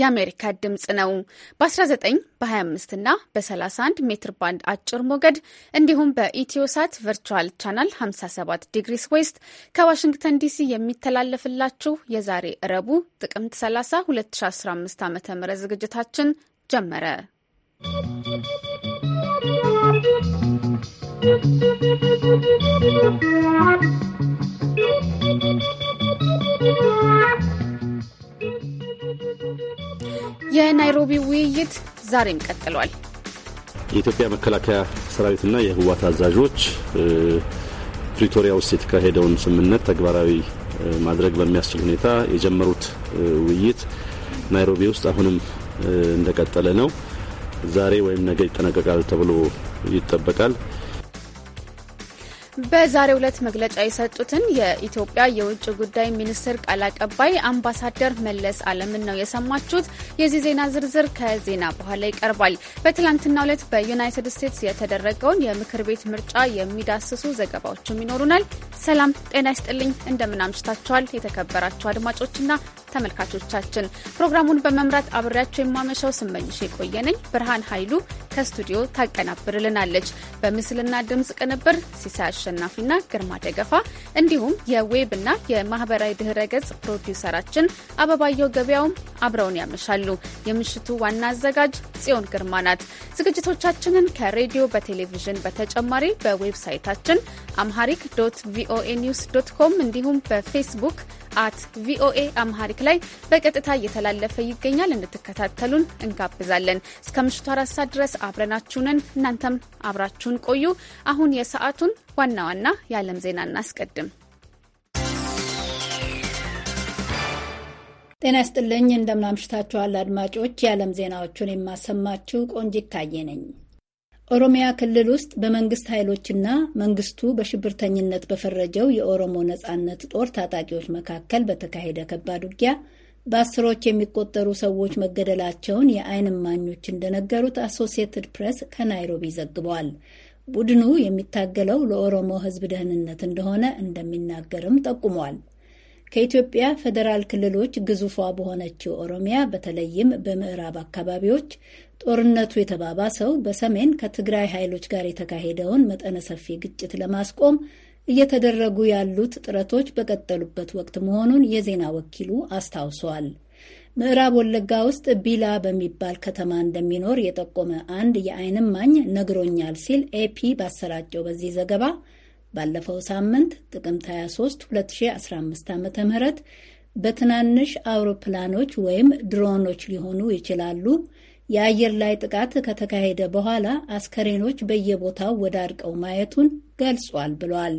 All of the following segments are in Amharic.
የአሜሪካ ድምፅ ነው። በ19 በ25 እና በ31 ሜትር ባንድ አጭር ሞገድ እንዲሁም በኢትዮሳት ቨርቹዋል ቻናል 57 ዲግሪስ ዌስት ከዋሽንግተን ዲሲ የሚተላለፍላችሁ የዛሬ እረቡ ጥቅምት 30 2015 ዓ ም ዝግጅታችን ጀመረ። ¶¶ የናይሮቢ ውይይት ዛሬም ቀጥሏል። የኢትዮጵያ መከላከያ ሰራዊትና የህወሓት አዛዦች ፕሪቶሪያ ውስጥ የተካሄደውን ስምምነት ተግባራዊ ማድረግ በሚያስችል ሁኔታ የጀመሩት ውይይት ናይሮቢ ውስጥ አሁንም እንደቀጠለ ነው። ዛሬ ወይም ነገ ይጠናቀቃል ተብሎ ይጠበቃል። በዛሬ ዕለት መግለጫ የሰጡትን የኢትዮጵያ የውጭ ጉዳይ ሚኒስትር ቃል አቀባይ አምባሳደር መለስ አለምን ነው የሰማችሁት። የዚህ ዜና ዝርዝር ከዜና በኋላ ይቀርባል። በትላንትናው ዕለት በዩናይትድ ስቴትስ የተደረገውን የምክር ቤት ምርጫ የሚዳስሱ ዘገባዎችም ይኖሩናል። ሰላም ጤና ይስጥልኝ፣ እንደምን አምሽታችኋል? የተከበራችሁ አድማጮችና ተመልካቾቻችን ፕሮግራሙን በመምራት አብሬያቸው የማመሻው ስመኝሽ የቆየነኝ ብርሃን ኃይሉ ከስቱዲዮ ታቀናብርልናለች። በምስልና ድምጽ ቅንብር ሲሳያሸ አሸናፊና ግርማ ደገፋ እንዲሁም የዌብ እና የማህበራዊ ድህረ ገጽ ፕሮዲውሰራችን አበባየው ገበያውም አብረውን ያመሻሉ። የምሽቱ ዋና አዘጋጅ ጽዮን ግርማ ናት። ዝግጅቶቻችንን ከሬዲዮ በቴሌቪዥን በተጨማሪ በዌብሳይታችን አምሃሪክ ዶት ቪኦኤ ኒውስ ዶት ኮም እንዲሁም በፌስቡክ አት ቪኦኤ አምሃሪክ ላይ በቀጥታ እየተላለፈ ይገኛል። እንድትከታተሉን እንጋብዛለን። እስከ ምሽቱ አራት ሰዓት ድረስ አብረናችሁንን እናንተም አብራችሁን ቆዩ። አሁን የሰዓቱን ዋና ዋና የዓለም ዜና እናስቀድም። ጤና ይስጥልኝ እንደምናምሽታችኋል አድማጮች። የዓለም ዜናዎቹን የማሰማችው ቆንጂት ታዬ ነኝ። ኦሮሚያ ክልል ውስጥ በመንግስት ኃይሎችና መንግስቱ በሽብርተኝነት በፈረጀው የኦሮሞ ነጻነት ጦር ታጣቂዎች መካከል በተካሄደ ከባድ ውጊያ በአስሮች የሚቆጠሩ ሰዎች መገደላቸውን የአይን እማኞች እንደነገሩት አሶሲየትድ ፕሬስ ከናይሮቢ ዘግቧል። ቡድኑ የሚታገለው ለኦሮሞ ሕዝብ ደህንነት እንደሆነ እንደሚናገርም ጠቁሟል። ከኢትዮጵያ ፌዴራል ክልሎች ግዙፏ በሆነችው ኦሮሚያ በተለይም በምዕራብ አካባቢዎች ጦርነቱ የተባባሰው በሰሜን ከትግራይ ኃይሎች ጋር የተካሄደውን መጠነ ሰፊ ግጭት ለማስቆም እየተደረጉ ያሉት ጥረቶች በቀጠሉበት ወቅት መሆኑን የዜና ወኪሉ አስታውሷል። ምዕራብ ወለጋ ውስጥ ቢላ በሚባል ከተማ እንደሚኖር የጠቆመ አንድ የዓይን እማኝ ነግሮኛል ሲል ኤፒ ባሰራጨው በዚህ ዘገባ ባለፈው ሳምንት ጥቅምት 23 2015 ዓ ም በትናንሽ አውሮፕላኖች ወይም ድሮኖች ሊሆኑ ይችላሉ የአየር ላይ ጥቃት ከተካሄደ በኋላ አስከሬኖች በየቦታው ወዳድቀው ማየቱን ገልጿል ብሏል።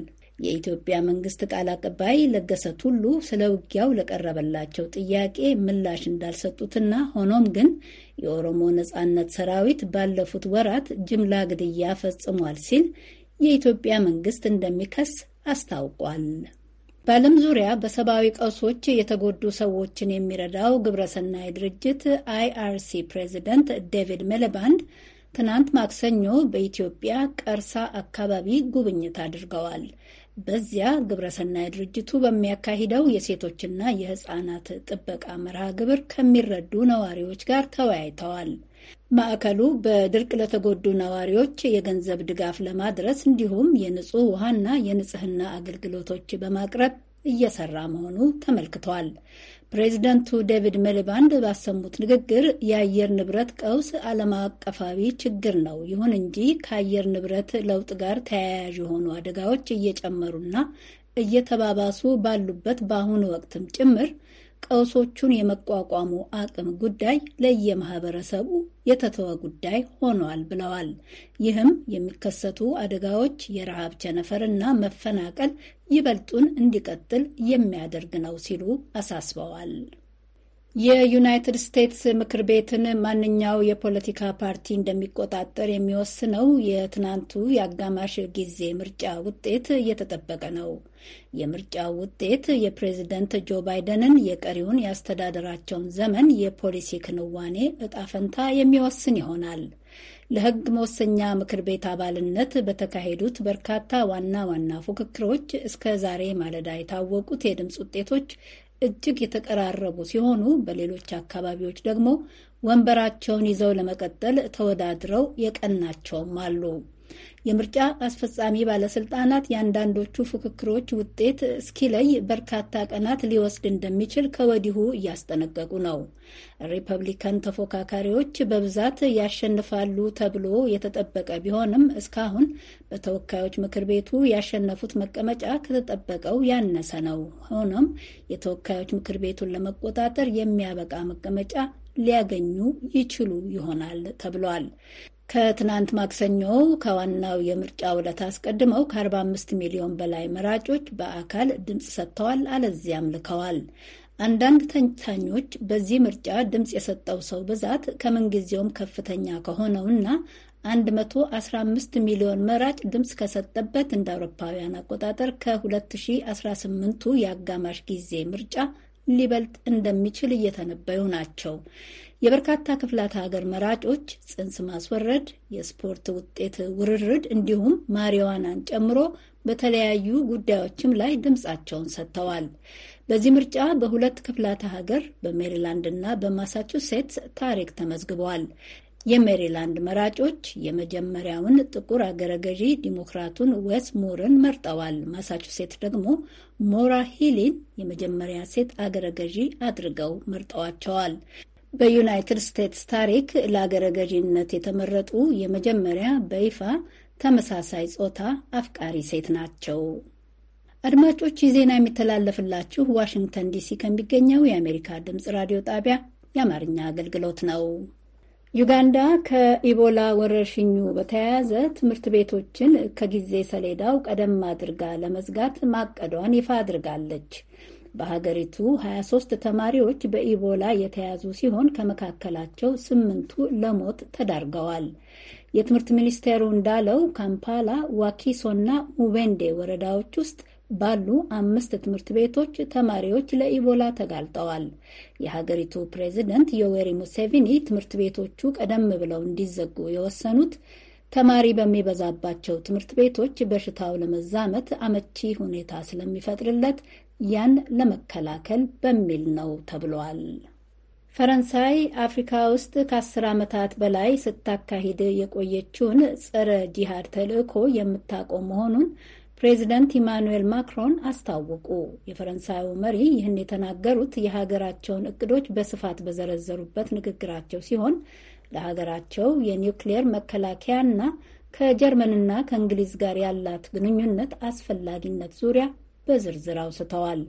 የኢትዮጵያ መንግስት ቃል አቀባይ ለገሰ ቱሉ ስለ ውጊያው ለቀረበላቸው ጥያቄ ምላሽ እንዳልሰጡትና ሆኖም ግን የኦሮሞ ነጻነት ሰራዊት ባለፉት ወራት ጅምላ ግድያ ፈጽሟል ሲል የኢትዮጵያ መንግስት እንደሚከስ አስታውቋል። በዓለም ዙሪያ በሰብአዊ ቀውሶች የተጎዱ ሰዎችን የሚረዳው ግብረሰናይ ድርጅት አይአርሲ ፕሬዚደንት ዴቪድ ሜለባንድ ትናንት ማክሰኞ በኢትዮጵያ ቀርሳ አካባቢ ጉብኝት አድርገዋል። በዚያ ግብረሰናይ ድርጅቱ በሚያካሂደው የሴቶችና የሕፃናት ጥበቃ መርሃ ግብር ከሚረዱ ነዋሪዎች ጋር ተወያይተዋል። ማዕከሉ በድርቅ ለተጎዱ ነዋሪዎች የገንዘብ ድጋፍ ለማድረስ እንዲሁም የንጹህ ውሃና የንጽህና አገልግሎቶች በማቅረብ እየሰራ መሆኑ ተመልክቷል። ፕሬዚደንቱ ዴቪድ ሜሊባንድ ባሰሙት ንግግር የአየር ንብረት ቀውስ ዓለም አቀፋዊ ችግር ነው። ይሁን እንጂ ከአየር ንብረት ለውጥ ጋር ተያያዥ የሆኑ አደጋዎች እየጨመሩና እየተባባሱ ባሉበት በአሁኑ ወቅትም ጭምር ቀውሶቹን የመቋቋሙ አቅም ጉዳይ ለየማህበረሰቡ የተተወ ጉዳይ ሆኗል ብለዋል። ይህም የሚከሰቱ አደጋዎች፣ የረሃብ ቸነፈርና መፈናቀል ይበልጡን እንዲቀጥል የሚያደርግ ነው ሲሉ አሳስበዋል። የዩናይትድ ስቴትስ ምክር ቤትን ማንኛው የፖለቲካ ፓርቲ እንደሚቆጣጠር የሚወስነው የትናንቱ የአጋማሽ ጊዜ ምርጫ ውጤት እየተጠበቀ ነው። የምርጫው ውጤት የፕሬዝደንት ጆ ባይደንን የቀሪውን የአስተዳደራቸውን ዘመን የፖሊሲ ክንዋኔ እጣ ፈንታ የሚወስን ይሆናል። ለሕግ መወሰኛ ምክር ቤት አባልነት በተካሄዱት በርካታ ዋና ዋና ፉክክሮች እስከ ዛሬ ማለዳ የታወቁት የድምፅ ውጤቶች እጅግ የተቀራረቡ ሲሆኑ በሌሎች አካባቢዎች ደግሞ ወንበራቸውን ይዘው ለመቀጠል ተወዳድረው የቀናቸውም አሉ። የምርጫ አስፈጻሚ ባለስልጣናት የአንዳንዶቹ ፉክክሮች ውጤት እስኪለይ በርካታ ቀናት ሊወስድ እንደሚችል ከወዲሁ እያስጠነቀቁ ነው። ሪፐብሊካን ተፎካካሪዎች በብዛት ያሸንፋሉ ተብሎ የተጠበቀ ቢሆንም እስካሁን በተወካዮች ምክር ቤቱ ያሸነፉት መቀመጫ ከተጠበቀው ያነሰ ነው። ሆኖም የተወካዮች ምክር ቤቱን ለመቆጣጠር የሚያበቃ መቀመጫ ሊያገኙ ይችሉ ይሆናል ተብሏል። ከትናንት ማክሰኞ ከዋናው የምርጫ ዕለት አስቀድመው ከ45 ሚሊዮን በላይ መራጮች በአካል ድምፅ ሰጥተዋል፣ አለዚያም ልከዋል። አንዳንድ ተንታኞች በዚህ ምርጫ ድምፅ የሰጠው ሰው ብዛት ከምንጊዜውም ከፍተኛ ከሆነውና 115 ሚሊዮን መራጭ ድምፅ ከሰጠበት እንደ አውሮፓውያን አቆጣጠር ከ2018ቱ የአጋማሽ ጊዜ ምርጫ ሊበልጥ እንደሚችል እየተነበዩ ናቸው። የበርካታ ክፍላት ሀገር መራጮች ጽንስ ማስወረድ፣ የስፖርት ውጤት ውርርድ እንዲሁም ማሪዋናን ጨምሮ በተለያዩ ጉዳዮችም ላይ ድምፃቸውን ሰጥተዋል። በዚህ ምርጫ በሁለት ክፍላተ ሀገር በሜሪላንድ እና በማሳቹሴትስ ታሪክ ተመዝግበዋል። የሜሪላንድ መራጮች የመጀመሪያውን ጥቁር አገረ ገዢ ዲሞክራቱን ዌስ ሙርን መርጠዋል። ማሳቹሴት ደግሞ ሞራ ሂሊን የመጀመሪያ ሴት አገረ ገዢ አድርገው መርጠዋቸዋል። በዩናይትድ ስቴትስ ታሪክ ለአገረ ገዢነት የተመረጡ የመጀመሪያ በይፋ ተመሳሳይ ጾታ አፍቃሪ ሴት ናቸው። አድማጮች ዜና የሚተላለፍላችሁ ዋሽንግተን ዲሲ ከሚገኘው የአሜሪካ ድምፅ ራዲዮ ጣቢያ የአማርኛ አገልግሎት ነው። ዩጋንዳ ከኢቦላ ወረርሽኙ በተያያዘ ትምህርት ቤቶችን ከጊዜ ሰሌዳው ቀደም አድርጋ ለመዝጋት ማቀዷን ይፋ አድርጋለች። በሀገሪቱ 23 ተማሪዎች በኢቦላ የተያዙ ሲሆን ከመካከላቸው ስምንቱ ለሞት ተዳርገዋል። የትምህርት ሚኒስቴሩ እንዳለው ካምፓላ፣ ዋኪሶና ሙቤንዴ ወረዳዎች ውስጥ ባሉ አምስት ትምህርት ቤቶች ተማሪዎች ለኢቦላ ተጋልጠዋል። የሀገሪቱ ፕሬዚደንት ዮዌሪ ሙሴቪኒ ትምህርት ቤቶቹ ቀደም ብለው እንዲዘጉ የወሰኑት ተማሪ በሚበዛባቸው ትምህርት ቤቶች በሽታው ለመዛመት አመቺ ሁኔታ ስለሚፈጥርለት ያን ለመከላከል በሚል ነው ተብሏል። ፈረንሳይ አፍሪካ ውስጥ ከአስር ዓመታት በላይ ስታካሂድ የቆየችውን ጸረ ጂሃድ ተልዕኮ የምታቆም መሆኑን ፕሬዚደንት ኢማኑኤል ማክሮን አስታወቁ። የፈረንሳዩ መሪ ይህን የተናገሩት የሀገራቸውን እቅዶች በስፋት በዘረዘሩበት ንግግራቸው ሲሆን ለሀገራቸው የኒውክሌየር መከላከያና ከጀርመንና ከእንግሊዝ ጋር ያላት ግንኙነት አስፈላጊነት ዙሪያ በዝርዝር አውስተዋል።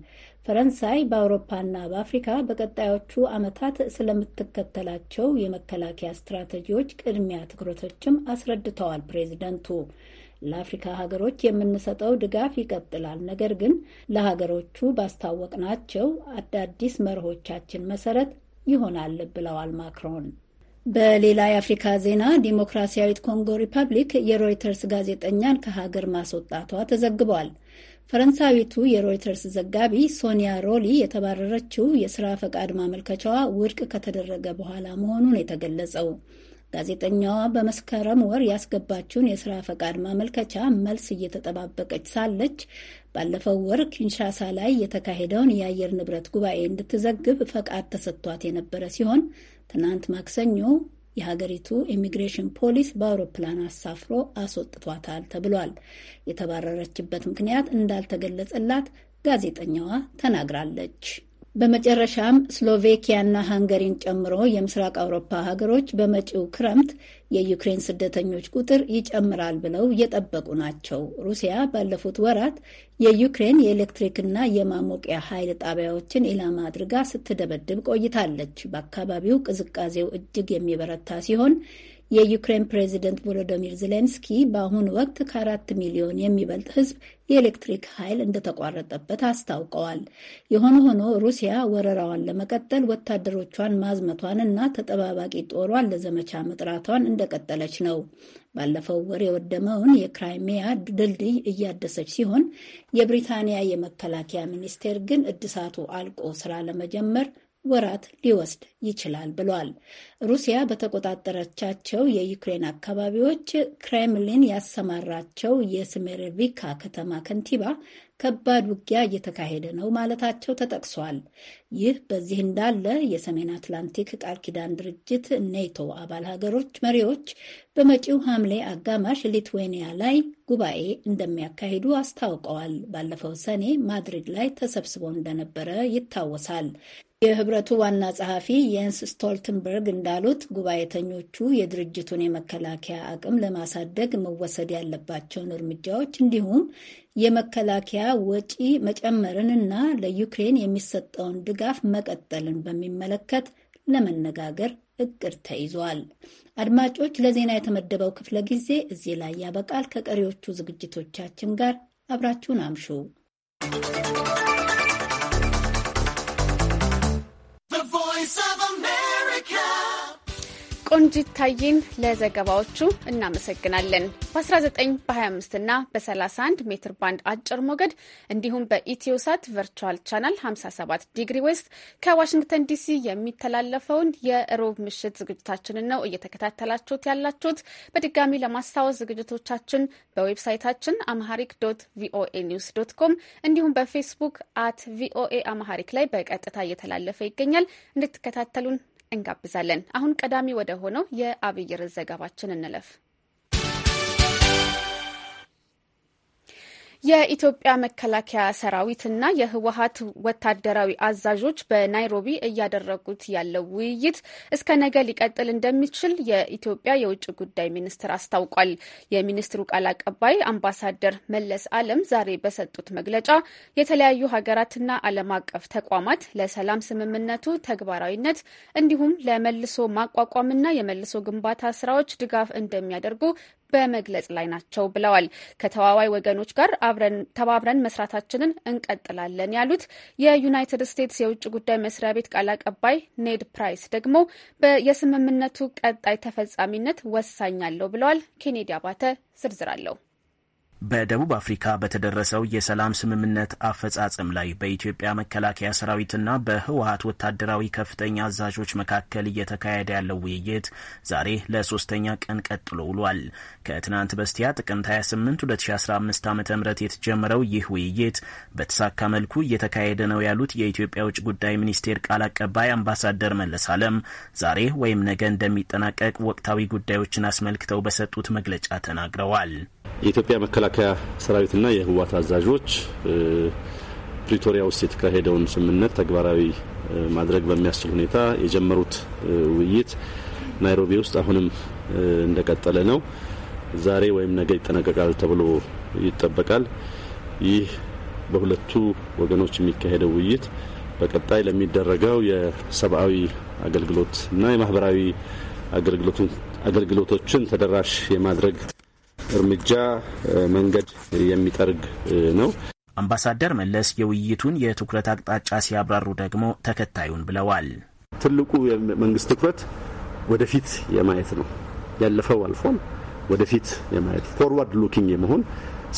ፈረንሳይ በአውሮፓና በአፍሪካ በቀጣዮቹ ዓመታት ስለምትከተላቸው የመከላከያ ስትራቴጂዎች ቅድሚያ ትኩረቶችም አስረድተዋል ፕሬዚደንቱ። ለአፍሪካ ሀገሮች የምንሰጠው ድጋፍ ይቀጥላል፣ ነገር ግን ለሀገሮቹ ባስታወቅናቸው አዳዲስ መርሆቻችን መሰረት ይሆናል ብለዋል ማክሮን። በሌላ የአፍሪካ ዜና ዲሞክራሲያዊት ኮንጎ ሪፐብሊክ የሮይተርስ ጋዜጠኛን ከሀገር ማስወጣቷ ተዘግቧል። ፈረንሳዊቱ የሮይተርስ ዘጋቢ ሶኒያ ሮሊ የተባረረችው የስራ ፈቃድ ማመልከቻዋ ውድቅ ከተደረገ በኋላ መሆኑን የተገለጸው ጋዜጠኛዋ በመስከረም ወር ያስገባችውን የስራ ፈቃድ ማመልከቻ መልስ እየተጠባበቀች ሳለች ባለፈው ወር ኪንሻሳ ላይ የተካሄደውን የአየር ንብረት ጉባኤ እንድትዘግብ ፈቃድ ተሰጥቷት የነበረ ሲሆን ትናንት ማክሰኞ የሀገሪቱ ኢሚግሬሽን ፖሊስ በአውሮፕላን አሳፍሮ አስወጥቷታል ተብሏል። የተባረረችበት ምክንያት እንዳልተገለጸላት ጋዜጠኛዋ ተናግራለች። በመጨረሻም ስሎቬኪያና ሃንገሪን ጨምሮ የምስራቅ አውሮፓ ሀገሮች በመጪው ክረምት የዩክሬን ስደተኞች ቁጥር ይጨምራል ብለው እየጠበቁ ናቸው። ሩሲያ ባለፉት ወራት የዩክሬን የኤሌክትሪክና የማሞቂያ ኃይል ጣቢያዎችን ኢላማ አድርጋ ስትደበድብ ቆይታለች። በአካባቢው ቅዝቃዜው እጅግ የሚበረታ ሲሆን የዩክሬን ፕሬዚደንት ቮሎዶሚር ዜሌንስኪ በአሁኑ ወቅት ከአራት ሚሊዮን የሚበልጥ ሕዝብ የኤሌክትሪክ ኃይል እንደተቋረጠበት አስታውቀዋል። የሆነ ሆኖ ሩሲያ ወረራዋን ለመቀጠል ወታደሮቿን ማዝመቷን እና ተጠባባቂ ጦሯን ለዘመቻ መጥራቷን እንደቀጠለች ነው። ባለፈው ወር የወደመውን የክራይሚያ ድልድይ እያደሰች ሲሆን የብሪታንያ የመከላከያ ሚኒስቴር ግን እድሳቱ አልቆ ስራ ለመጀመር ወራት ሊወስድ ይችላል ብሏል። ሩሲያ በተቆጣጠረቻቸው የዩክሬን አካባቢዎች ክሬምሊን ያሰማራቸው የስሜርቪካ ከተማ ከንቲባ ከባድ ውጊያ እየተካሄደ ነው ማለታቸው ተጠቅሷል። ይህ በዚህ እንዳለ የሰሜን አትላንቲክ ቃል ኪዳን ድርጅት ኔቶ አባል ሀገሮች መሪዎች በመጪው ሐምሌ አጋማሽ ሊትዌኒያ ላይ ጉባኤ እንደሚያካሂዱ አስታውቀዋል። ባለፈው ሰኔ ማድሪድ ላይ ተሰብስበው እንደነበረ ይታወሳል። የህብረቱ ዋና ጸሐፊ የንስ ስቶልትንበርግ እንዳሉት ጉባኤተኞቹ የድርጅቱን የመከላከያ አቅም ለማሳደግ መወሰድ ያለባቸውን እርምጃዎች እንዲሁም የመከላከያ ወጪ እና ለዩክሬን የሚሰጠውን ድጋፍ ድጋፍ መቀጠልን በሚመለከት ለመነጋገር እቅድ ተይዟል። አድማጮች፣ ለዜና የተመደበው ክፍለ ጊዜ እዚህ ላይ ያበቃል። ከቀሪዎቹ ዝግጅቶቻችን ጋር አብራችሁን አምሹ። ቆንጂት ታዬን ለዘገባዎቹ እናመሰግናለን። በ19 በ25 እና በ31 ሜትር ባንድ አጭር ሞገድ እንዲሁም በኢትዮሳት ቨርቹዋል ቻናል 57 ዲግሪ ዌስት ከዋሽንግተን ዲሲ የሚተላለፈውን የሮብ ምሽት ዝግጅታችንን ነው እየተከታተላችሁት ያላችሁት። በድጋሚ ለማስታወስ ዝግጅቶቻችን በዌብሳይታችን አምሃሪክ ዶት ቪኦኤ ኒውስ ዶት ኮም እንዲሁም በፌስቡክ አት ቪኦኤ አምሃሪክ ላይ በቀጥታ እየተላለፈ ይገኛል። እንድትከታተሉን እንጋብዛለን። አሁን ቀዳሚ ወደ ሆነው የአብይር ዘገባችን እንለፍ። የኢትዮጵያ መከላከያ ሰራዊትና የህወሀት ወታደራዊ አዛዦች በናይሮቢ እያደረጉት ያለው ውይይት እስከ ነገ ሊቀጥል እንደሚችል የኢትዮጵያ የውጭ ጉዳይ ሚኒስትር አስታውቋል። የሚኒስትሩ ቃል አቀባይ አምባሳደር መለስ አለም ዛሬ በሰጡት መግለጫ የተለያዩ ሀገራትና ዓለም አቀፍ ተቋማት ለሰላም ስምምነቱ ተግባራዊነት እንዲሁም ለመልሶ ማቋቋምና የመልሶ ግንባታ ስራዎች ድጋፍ እንደሚያደርጉ በመግለጽ ላይ ናቸው ብለዋል። ከተዋዋይ ወገኖች ጋር አብረን ተባብረን መስራታችንን እንቀጥላለን ያሉት የዩናይትድ ስቴትስ የውጭ ጉዳይ መስሪያ ቤት ቃል አቀባይ ኔድ ፕራይስ ደግሞ የስምምነቱ ቀጣይ ተፈጻሚነት ወሳኝ አለው ብለዋል። ኬኔዲ አባተ ዝርዝር አለው። በደቡብ አፍሪካ በተደረሰው የሰላም ስምምነት አፈጻጸም ላይ በኢትዮጵያ መከላከያ ሰራዊትና በህወሀት ወታደራዊ ከፍተኛ አዛዦች መካከል እየተካሄደ ያለው ውይይት ዛሬ ለሶስተኛ ቀን ቀጥሎ ውሏል። ከትናንት በስቲያ ጥቅምት 28 2015 ዓ ም የተጀመረው ይህ ውይይት በተሳካ መልኩ እየተካሄደ ነው ያሉት የኢትዮጵያ ውጭ ጉዳይ ሚኒስቴር ቃል አቀባይ አምባሳደር መለስ አለም ዛሬ ወይም ነገ እንደሚጠናቀቅ ወቅታዊ ጉዳዮችን አስመልክተው በሰጡት መግለጫ ተናግረዋል። የኢትዮጵያ መከላከያ ሰራዊትና የህወሓት አዛዦች ፕሪቶሪያ ውስጥ የተካሄደውን ስምምነት ተግባራዊ ማድረግ በሚያስችል ሁኔታ የጀመሩት ውይይት ናይሮቢ ውስጥ አሁንም እንደቀጠለ ነው። ዛሬ ወይም ነገ ይጠናቀቃል ተብሎ ይጠበቃል። ይህ በሁለቱ ወገኖች የሚካሄደው ውይይት በቀጣይ ለሚደረገው የሰብአዊ አገልግሎትና የማህበራዊ አገልግሎቶችን ተደራሽ የማድረግ እርምጃ መንገድ የሚጠርግ ነው። አምባሳደር መለስ የውይይቱን የትኩረት አቅጣጫ ሲያብራሩ ደግሞ ተከታዩን ብለዋል። ትልቁ የመንግስት ትኩረት ወደፊት የማየት ነው። ያለፈው አልፏል። ወደፊት የማየት ፎርዋርድ ሉኪንግ የመሆን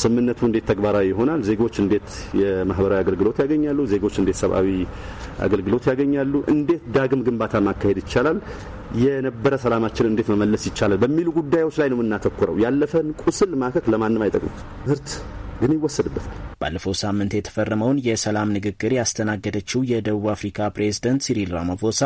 ስምምነቱ እንዴት ተግባራዊ ይሆናል? ዜጎች እንዴት የማህበራዊ አገልግሎት ያገኛሉ? ዜጎች እንዴት ሰብአዊ አገልግሎት ያገኛሉ? እንዴት ዳግም ግንባታ ማካሄድ ይቻላል? የነበረ ሰላማችንን እንዴት መመለስ ይቻላል በሚሉ ጉዳዮች ላይ ነው የምናተኩረው። ያለፈን ቁስል ማከክ ለማንም አይጠቅም። ትምህርት ግን ይወሰድበታል። ባለፈው ሳምንት የተፈረመውን የሰላም ንግግር ያስተናገደችው የደቡብ አፍሪካ ፕሬዝደንት ሲሪል ራማፎሳ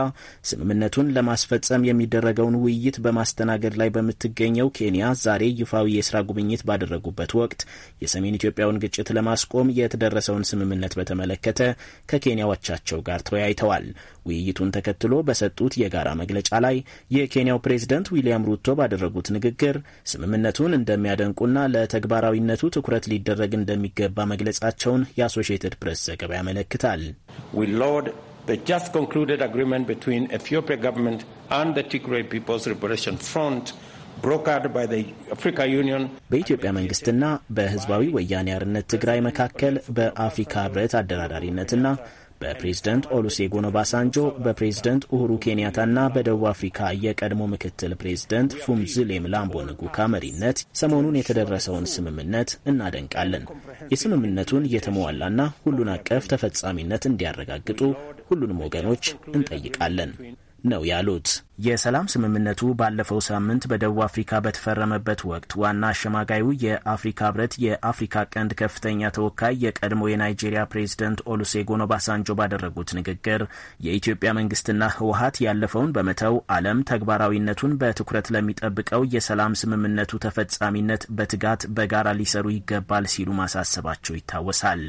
ስምምነቱን ለማስፈጸም የሚደረገውን ውይይት በማስተናገድ ላይ በምትገኘው ኬንያ ዛሬ ይፋዊ የስራ ጉብኝት ባደረጉበት ወቅት የሰሜን ኢትዮጵያውን ግጭት ለማስቆም የተደረሰውን ስምምነት በተመለከተ ከኬንያዎቻቸው ጋር ተወያይተዋል። ውይይቱን ተከትሎ በሰጡት የጋራ መግለጫ ላይ የኬንያው ፕሬዝደንት ዊልያም ሩቶ ባደረጉት ንግግር ስምምነቱን እንደሚያደንቁና ለተግባራዊነቱ ትኩረት ሊደረግ እንደሚገባ መግለጻቸውን የአሶሽትድ ፕሬስ ዘገባ ያመለክታል። በኢትዮጵያ መንግስትና በህዝባዊ ወያኔ አርነት ትግራይ መካከል በአፍሪካ ህብረት አደራዳሪነትና በፕሬዝደንት ኦሉሴጉን ኦባሳንጆ፣ በፕሬዝደንት ኡሁሩ ኬንያታና በደቡብ አፍሪካ የቀድሞ ምክትል ፕሬዝደንት ፉምዝሌ ምላምቦ ንጉካ መሪነት ሰሞኑን የተደረሰውን ስምምነት እናደንቃለን። የስምምነቱን የተሟላና ሁሉን አቀፍ ተፈጻሚነት እንዲያረጋግጡ ሁሉንም ወገኖች እንጠይቃለን ነው ያሉት። የሰላም ስምምነቱ ባለፈው ሳምንት በደቡብ አፍሪካ በተፈረመበት ወቅት ዋና አሸማጋዩ የአፍሪካ ህብረት የአፍሪካ ቀንድ ከፍተኛ ተወካይ የቀድሞ የናይጄሪያ ፕሬዚደንት ኦሉሴጎን ኦባሳንጆ ባደረጉት ንግግር የኢትዮጵያ መንግስትና ህወሀት ያለፈውን በመተው ዓለም ተግባራዊነቱን በትኩረት ለሚጠብቀው የሰላም ስምምነቱ ተፈጻሚነት በትጋት በጋራ ሊሰሩ ይገባል ሲሉ ማሳሰባቸው ይታወሳል።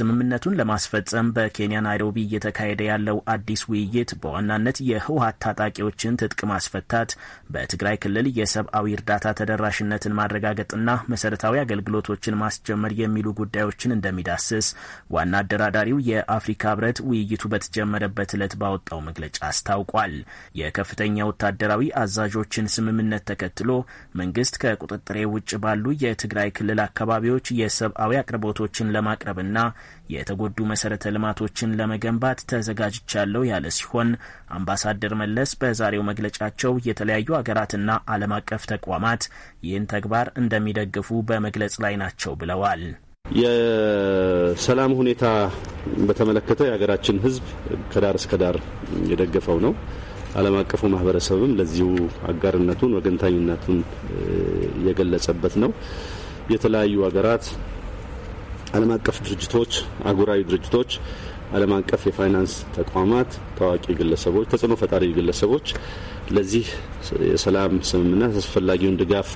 ስምምነቱን ለማስፈጸም በኬንያ ናይሮቢ እየተካሄደ ያለው አዲስ ውይይት በዋናነት የህወሀት ታጣቂዎችን ትጥቅ ማስፈታት፣ በትግራይ ክልል የሰብአዊ እርዳታ ተደራሽነትን ማረጋገጥና መሰረታዊ አገልግሎቶችን ማስጀመር የሚሉ ጉዳዮችን እንደሚዳስስ ዋና አደራዳሪው የአፍሪካ ህብረት ውይይቱ በተጀመረበት ዕለት ባወጣው መግለጫ አስታውቋል። የከፍተኛ ወታደራዊ አዛዦችን ስምምነት ተከትሎ መንግስት ከቁጥጥሬ ውጭ ባሉ የትግራይ ክልል አካባቢዎች የሰብአዊ አቅርቦቶችን ለማቅረብና የተጎዱ መሰረተ ልማቶችን ለመገንባት ተዘጋጅቻለሁ ያለ ሲሆን አምባሳደር መለስ በዛሬው መግለጫቸው የተለያዩ ሀገራትና ዓለም አቀፍ ተቋማት ይህን ተግባር እንደሚደግፉ በመግለጽ ላይ ናቸው ብለዋል። የሰላም ሁኔታ በተመለከተ የሀገራችን ሕዝብ ከዳር እስከ ዳር የደገፈው ነው። ዓለም አቀፉ ማህበረሰብም ለዚሁ አጋርነቱን ወገንታኝነቱን የገለጸበት ነው። የተለያዩ ሀገራት ዓለም አቀፍ ድርጅቶች፣ አጉራዊ ድርጅቶች፣ ዓለም አቀፍ የፋይናንስ ተቋማት፣ ታዋቂ ግለሰቦች፣ ተጽዕኖ ፈጣሪ ግለሰቦች ለዚህ የሰላም ስምምነት አስፈላጊውን ድጋፍ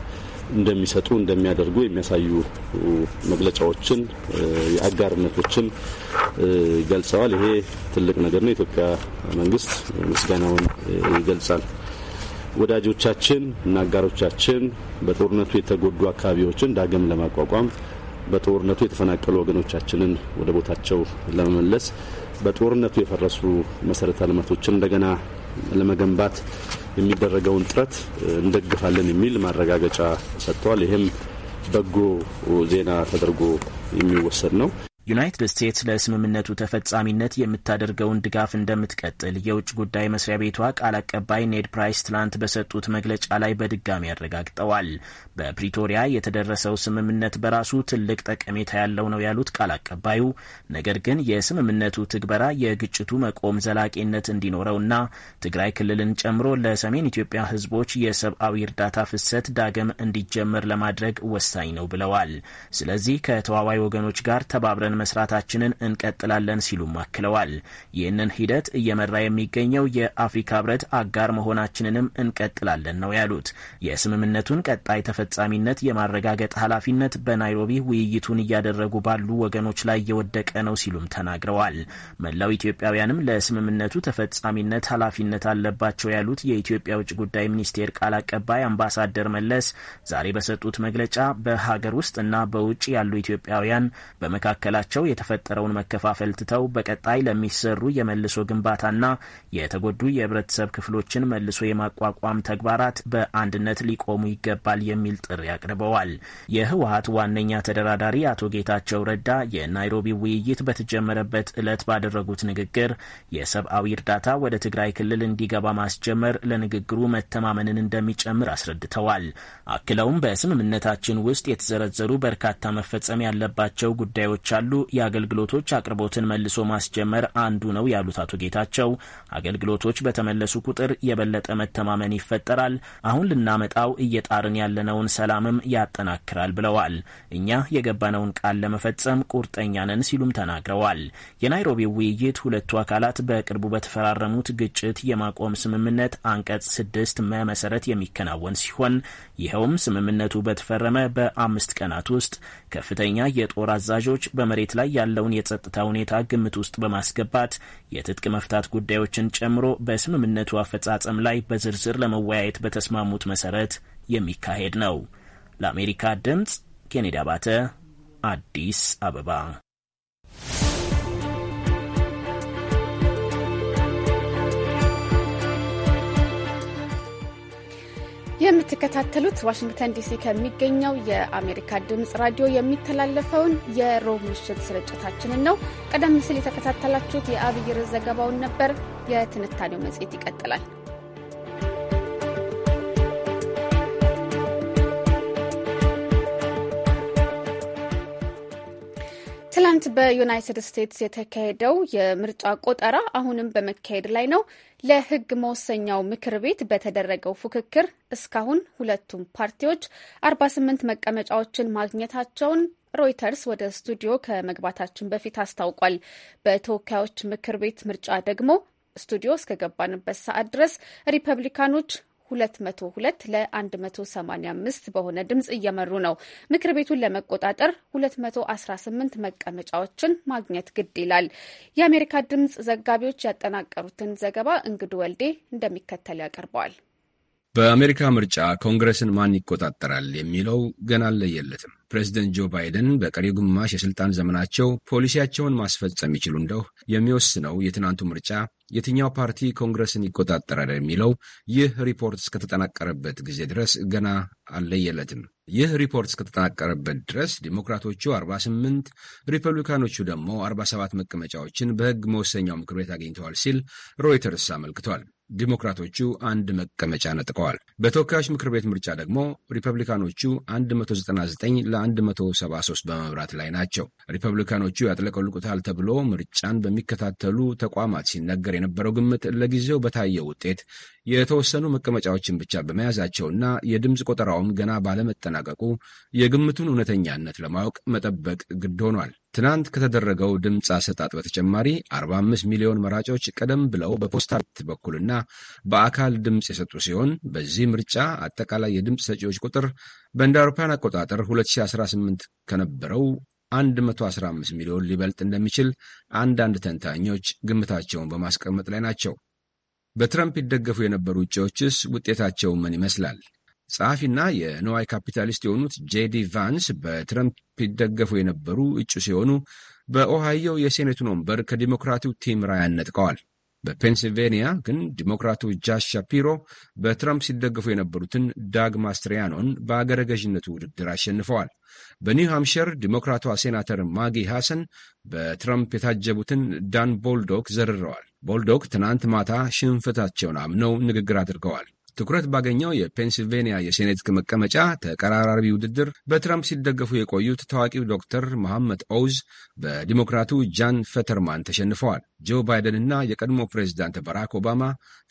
እንደሚሰጡ እንደሚያደርጉ የሚያሳዩ መግለጫዎችን የአጋርነቶችን ገልጸዋል። ይሄ ትልቅ ነገር ነው። የኢትዮጵያ መንግስት ምስጋናውን ይገልጻል። ወዳጆቻችን እና አጋሮቻችን በጦርነቱ የተጎዱ አካባቢዎችን ዳግም ለማቋቋም በጦርነቱ የተፈናቀሉ ወገኖቻችንን ወደ ቦታቸው ለመመለስ በጦርነቱ የፈረሱ መሰረተ ልማቶችን እንደገና ለመገንባት የሚደረገውን ጥረት እንደግፋለን የሚል ማረጋገጫ ሰጥተዋል። ይህም በጎ ዜና ተደርጎ የሚወሰድ ነው። ዩናይትድ ስቴትስ ለስምምነቱ ተፈጻሚነት የምታደርገውን ድጋፍ እንደምትቀጥል የውጭ ጉዳይ መስሪያ ቤቷ ቃል አቀባይ ኔድ ፕራይስ ትላንት በሰጡት መግለጫ ላይ በድጋሚ አረጋግጠዋል። በፕሪቶሪያ የተደረሰው ስምምነት በራሱ ትልቅ ጠቀሜታ ያለው ነው ያሉት ቃል አቀባዩ፣ ነገር ግን የስምምነቱ ትግበራ የግጭቱ መቆም ዘላቂነት እንዲኖረውና ትግራይ ክልልን ጨምሮ ለሰሜን ኢትዮጵያ ሕዝቦች የሰብአዊ እርዳታ ፍሰት ዳግም እንዲጀመር ለማድረግ ወሳኝ ነው ብለዋል። ስለዚህ ከተዋዋይ ወገኖች ጋር ተባብረን አብረን መስራታችንን እንቀጥላለን ሲሉም አክለዋል። ይህንን ሂደት እየመራ የሚገኘው የአፍሪካ ህብረት አጋር መሆናችንንም እንቀጥላለን ነው ያሉት። የስምምነቱን ቀጣይ ተፈጻሚነት የማረጋገጥ ኃላፊነት በናይሮቢ ውይይቱን እያደረጉ ባሉ ወገኖች ላይ የወደቀ ነው ሲሉም ተናግረዋል። መላው ኢትዮጵያውያንም ለስምምነቱ ተፈጻሚነት ኃላፊነት አለባቸው ያሉት የኢትዮጵያ ውጭ ጉዳይ ሚኒስቴር ቃል አቀባይ አምባሳደር መለስ ዛሬ በሰጡት መግለጫ በሀገር ውስጥ እና በውጭ ያሉ ኢትዮጵያውያን በመካከላ በመካከላቸው የተፈጠረውን መከፋፈል ትተው በቀጣይ ለሚሰሩ የመልሶ ግንባታና የተጎዱ የህብረተሰብ ክፍሎችን መልሶ የማቋቋም ተግባራት በአንድነት ሊቆሙ ይገባል የሚል ጥሪ አቅርበዋል። የህወሀት ዋነኛ ተደራዳሪ አቶ ጌታቸው ረዳ የናይሮቢ ውይይት በተጀመረበት ዕለት ባደረጉት ንግግር የሰብአዊ እርዳታ ወደ ትግራይ ክልል እንዲገባ ማስጀመር ለንግግሩ መተማመንን እንደሚጨምር አስረድተዋል። አክለውም በስምምነታችን ውስጥ የተዘረዘሩ በርካታ መፈጸም ያለባቸው ጉዳዮች አሉ። ያሉ የአገልግሎቶች አቅርቦትን መልሶ ማስጀመር አንዱ ነው ያሉት አቶ ጌታቸው አገልግሎቶች በተመለሱ ቁጥር የበለጠ መተማመን ይፈጠራል። አሁን ልናመጣው እየጣርን ያለነውን ሰላምም ያጠናክራል ብለዋል። እኛ የገባነውን ቃል ለመፈጸም ቁርጠኛ ነን ሲሉም ተናግረዋል። የናይሮቢው ውይይት ሁለቱ አካላት በቅርቡ በተፈራረሙት ግጭት የማቆም ስምምነት አንቀጽ ስድስት መመሰረት የሚከናወን ሲሆን ይኸውም ስምምነቱ በተፈረመ በአምስት ቀናት ውስጥ ከፍተኛ የጦር አዛዦች በመሬት ላይ ያለውን የጸጥታ ሁኔታ ግምት ውስጥ በማስገባት የትጥቅ መፍታት ጉዳዮችን ጨምሮ በስምምነቱ አፈጻጸም ላይ በዝርዝር ለመወያየት በተስማሙት መሰረት የሚካሄድ ነው። ለአሜሪካ ድምፅ ኬኔዲ አባተ አዲስ አበባ የምትከታተሉት ዋሽንግተን ዲሲ ከሚገኘው የአሜሪካ ድምፅ ራዲዮ የሚተላለፈውን የሮብ ምሽት ስርጭታችንን ነው። ቀደም ሲል የተከታተላችሁት የአብይር ዘገባውን ነበር። የትንታኔው መጽሔት ይቀጥላል። ትላንት በዩናይትድ ስቴትስ የተካሄደው የምርጫ ቆጠራ አሁንም በመካሄድ ላይ ነው። ለሕግ መወሰኛው ምክር ቤት በተደረገው ፉክክር እስካሁን ሁለቱም ፓርቲዎች 48 መቀመጫዎችን ማግኘታቸውን ሮይተርስ ወደ ስቱዲዮ ከመግባታችን በፊት አስታውቋል። በተወካዮች ምክር ቤት ምርጫ ደግሞ ስቱዲዮ እስከገባንበት ሰዓት ድረስ ሪፐብሊካኖች 202 ለ185 በሆነ ድምፅ እየመሩ ነው። ምክር ቤቱን ለመቆጣጠር 218 መቀመጫዎችን ማግኘት ግድ ይላል። የአሜሪካ ድምፅ ዘጋቢዎች ያጠናቀሩትን ዘገባ እንግዱ ወልዴ እንደሚከተል ያቀርበዋል። በአሜሪካ ምርጫ ኮንግረስን ማን ይቆጣጠራል የሚለው ገና አልለየለትም። ፕሬዚደንት ጆ ባይደን በቀሪው ግማሽ የስልጣን ዘመናቸው ፖሊሲያቸውን ማስፈጸም ይችሉ እንደው የሚወስነው የትናንቱ ምርጫ የትኛው ፓርቲ ኮንግረስን ይቆጣጠራል የሚለው ይህ ሪፖርት እስከተጠናቀረበት ጊዜ ድረስ ገና አልለየለትም። ይህ ሪፖርት እስከተጠናቀረበት ድረስ ዲሞክራቶቹ 48 ሪፐብሊካኖቹ ደግሞ 47 መቀመጫዎችን በሕግ መወሰኛው ምክር ቤት አግኝተዋል ሲል ሮይተርስ አመልክቷል። ዲሞክራቶቹ አንድ መቀመጫ ነጥቀዋል። በተወካዮች ምክር ቤት ምርጫ ደግሞ ሪፐብሊካኖቹ 199 ለ173 በመምራት ላይ ናቸው። ሪፐብሊካኖቹ ያጥለቀልቁታል ተብሎ ምርጫን በሚከታተሉ ተቋማት ሲነገር የነበረው ግምት ለጊዜው በታየው ውጤት የተወሰኑ መቀመጫዎችን ብቻ በመያዛቸውና የድምፅ ቆጠራውም ገና ባለመጠናቀቁ የግምቱን እውነተኛነት ለማወቅ መጠበቅ ግድ ሆኗል። ትናንት ከተደረገው ድምፅ አሰጣጥ በተጨማሪ 45 ሚሊዮን መራጮች ቀደም ብለው በፖስታ ቤት በኩልና በአካል ድምፅ የሰጡ ሲሆን በዚህ ምርጫ አጠቃላይ የድምፅ ሰጪዎች ቁጥር በእንደ አውሮፓውያን አቆጣጠር 2018 ከነበረው 115 ሚሊዮን ሊበልጥ እንደሚችል አንዳንድ ተንታኞች ግምታቸውን በማስቀመጥ ላይ ናቸው። በትረምፕ ይደገፉ የነበሩ ውጪዎችስ ውጤታቸው ምን ይመስላል? ጸሐፊና የንዋይ ካፒታሊስት የሆኑት ጄዲ ቫንስ በትረምፕ ይደገፉ የነበሩ እጩ ሲሆኑ በኦሃዮ የሴኔቱን ወንበር ከዲሞክራቱ ቲም ራያን ነጥቀዋል። በፔንሲልቬንያ ግን ዲሞክራቱ ጃሽ ሻፒሮ በትረምፕ ሲደገፉ የነበሩትን ዳግ ማስትሪያኖን በአገረ ገዥነቱ ውድድር አሸንፈዋል። በኒው ሃምሽር ዲሞክራቷ ሴናተር ማጊ ሃሰን በትረምፕ የታጀቡትን ዳን ቦልዶክ ዘርረዋል። ቦልዶክ ትናንት ማታ ሽንፈታቸውን አምነው ንግግር አድርገዋል። ትኩረት ባገኘው የፔንሲልቬንያ የሴኔት መቀመጫ ተቀራራቢ ውድድር በትራምፕ ሲደገፉ የቆዩት ታዋቂው ዶክተር መሐመድ ኦውዝ በዲሞክራቱ ጃን ፈተርማን ተሸንፈዋል። ጆ ባይደን እና የቀድሞ ፕሬዚዳንት ባራክ ኦባማ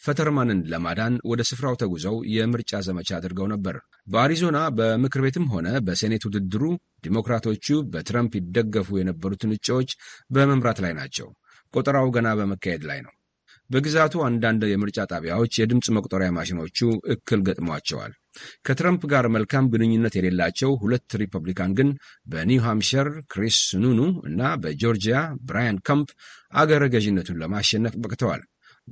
ፈተርማንን ለማዳን ወደ ስፍራው ተጉዘው የምርጫ ዘመቻ አድርገው ነበር። በአሪዞና በምክር ቤትም ሆነ በሴኔት ውድድሩ ዲሞክራቶቹ በትራምፕ ይደገፉ የነበሩትን እጩዎች በመምራት ላይ ናቸው። ቆጠራው ገና በመካሄድ ላይ ነው። በግዛቱ አንዳንድ የምርጫ ጣቢያዎች የድምፅ መቁጠሪያ ማሽኖቹ እክል ገጥሟቸዋል። ከትረምፕ ጋር መልካም ግንኙነት የሌላቸው ሁለት ሪፐብሊካን ግን በኒው ሃምፕሸር ክሪስ ስኑኑ እና በጆርጂያ ብራያን ከምፕ አገረ ገዥነቱን ለማሸነፍ በቅተዋል።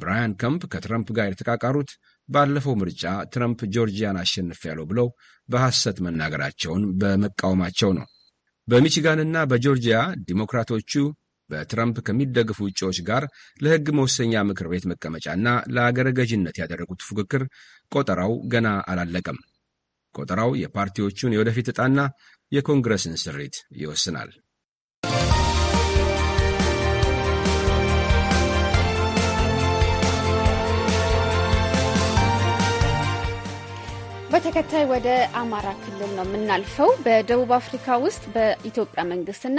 ብራያን ከምፕ ከትረምፕ ጋር የተቃቃሩት ባለፈው ምርጫ ትረምፕ ጆርጂያን አሸንፍ ያለው ብለው በሐሰት መናገራቸውን በመቃወማቸው ነው። በሚችጋንና በጆርጂያ ዲሞክራቶቹ በትራምፕ ከሚደግፉ እጩዎች ጋር ለሕግ መወሰኛ ምክር ቤት መቀመጫና ለአገረ ገዥነት ያደረጉት ፉክክር ቆጠራው ገና አላለቀም። ቆጠራው የፓርቲዎቹን የወደፊት ዕጣና የኮንግረስን ስሪት ይወስናል። በተከታይ ወደ አማራ ክልል ነው የምናልፈው። በደቡብ አፍሪካ ውስጥ በኢትዮጵያ መንግስትና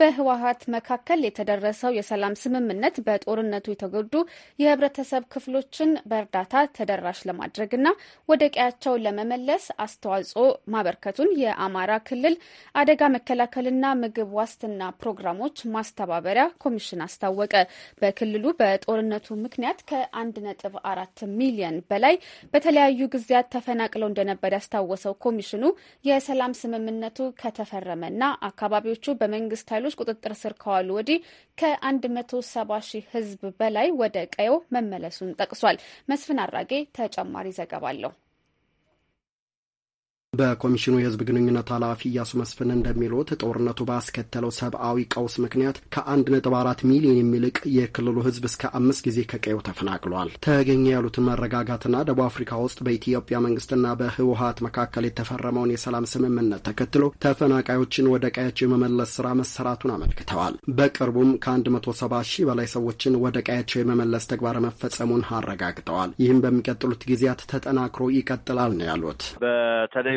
በህወሀት መካከል የተደረሰው የሰላም ስምምነት በጦርነቱ የተጎዱ የህብረተሰብ ክፍሎችን በእርዳታ ተደራሽ ለማድረግና ወደ ቀያቸው ለመመለስ አስተዋጽኦ ማበርከቱን የአማራ ክልል አደጋ መከላከልና ምግብ ዋስትና ፕሮግራሞች ማስተባበሪያ ኮሚሽን አስታወቀ። በክልሉ በጦርነቱ ምክንያት ከ1.4 ሚሊዮን በላይ በተለያዩ ጊዜያት ተፈናቅለው እንደነበር ያስታወሰው ኮሚሽኑ የሰላም ስምምነቱ ከተፈረመና አካባቢዎቹ በመንግስት ኃይሎች ቁጥጥር ስር ከዋሉ ወዲህ ከ170 ሺህ ህዝብ በላይ ወደ ቀዮ መመለሱን ጠቅሷል። መስፍን አራጌ ተጨማሪ ዘገባ አለው። በኮሚሽኑ የህዝብ ግንኙነት ኃላፊ እያሱ መስፍን እንደሚሉት ጦርነቱ ባስከተለው ሰብአዊ ቀውስ ምክንያት ከአንድ ነጥብ አራት ሚሊዮን የሚልቅ የክልሉ ህዝብ እስከ አምስት ጊዜ ከቀዩ ተፈናቅሏል። ተገኘ ያሉትን መረጋጋትና ደቡብ አፍሪካ ውስጥ በኢትዮጵያ መንግስትና በህወሀት መካከል የተፈረመውን የሰላም ስምምነት ተከትሎ ተፈናቃዮችን ወደ ቀያቸው የመመለስ ስራ መሰራቱን አመልክተዋል። በቅርቡም መቶ ሰባ ሺህ በላይ ሰዎችን ወደ ቀያቸው የመመለስ ተግባር መፈጸሙን አረጋግጠዋል። ይህም በሚቀጥሉት ጊዜያት ተጠናክሮ ይቀጥላል ነው ያሉት።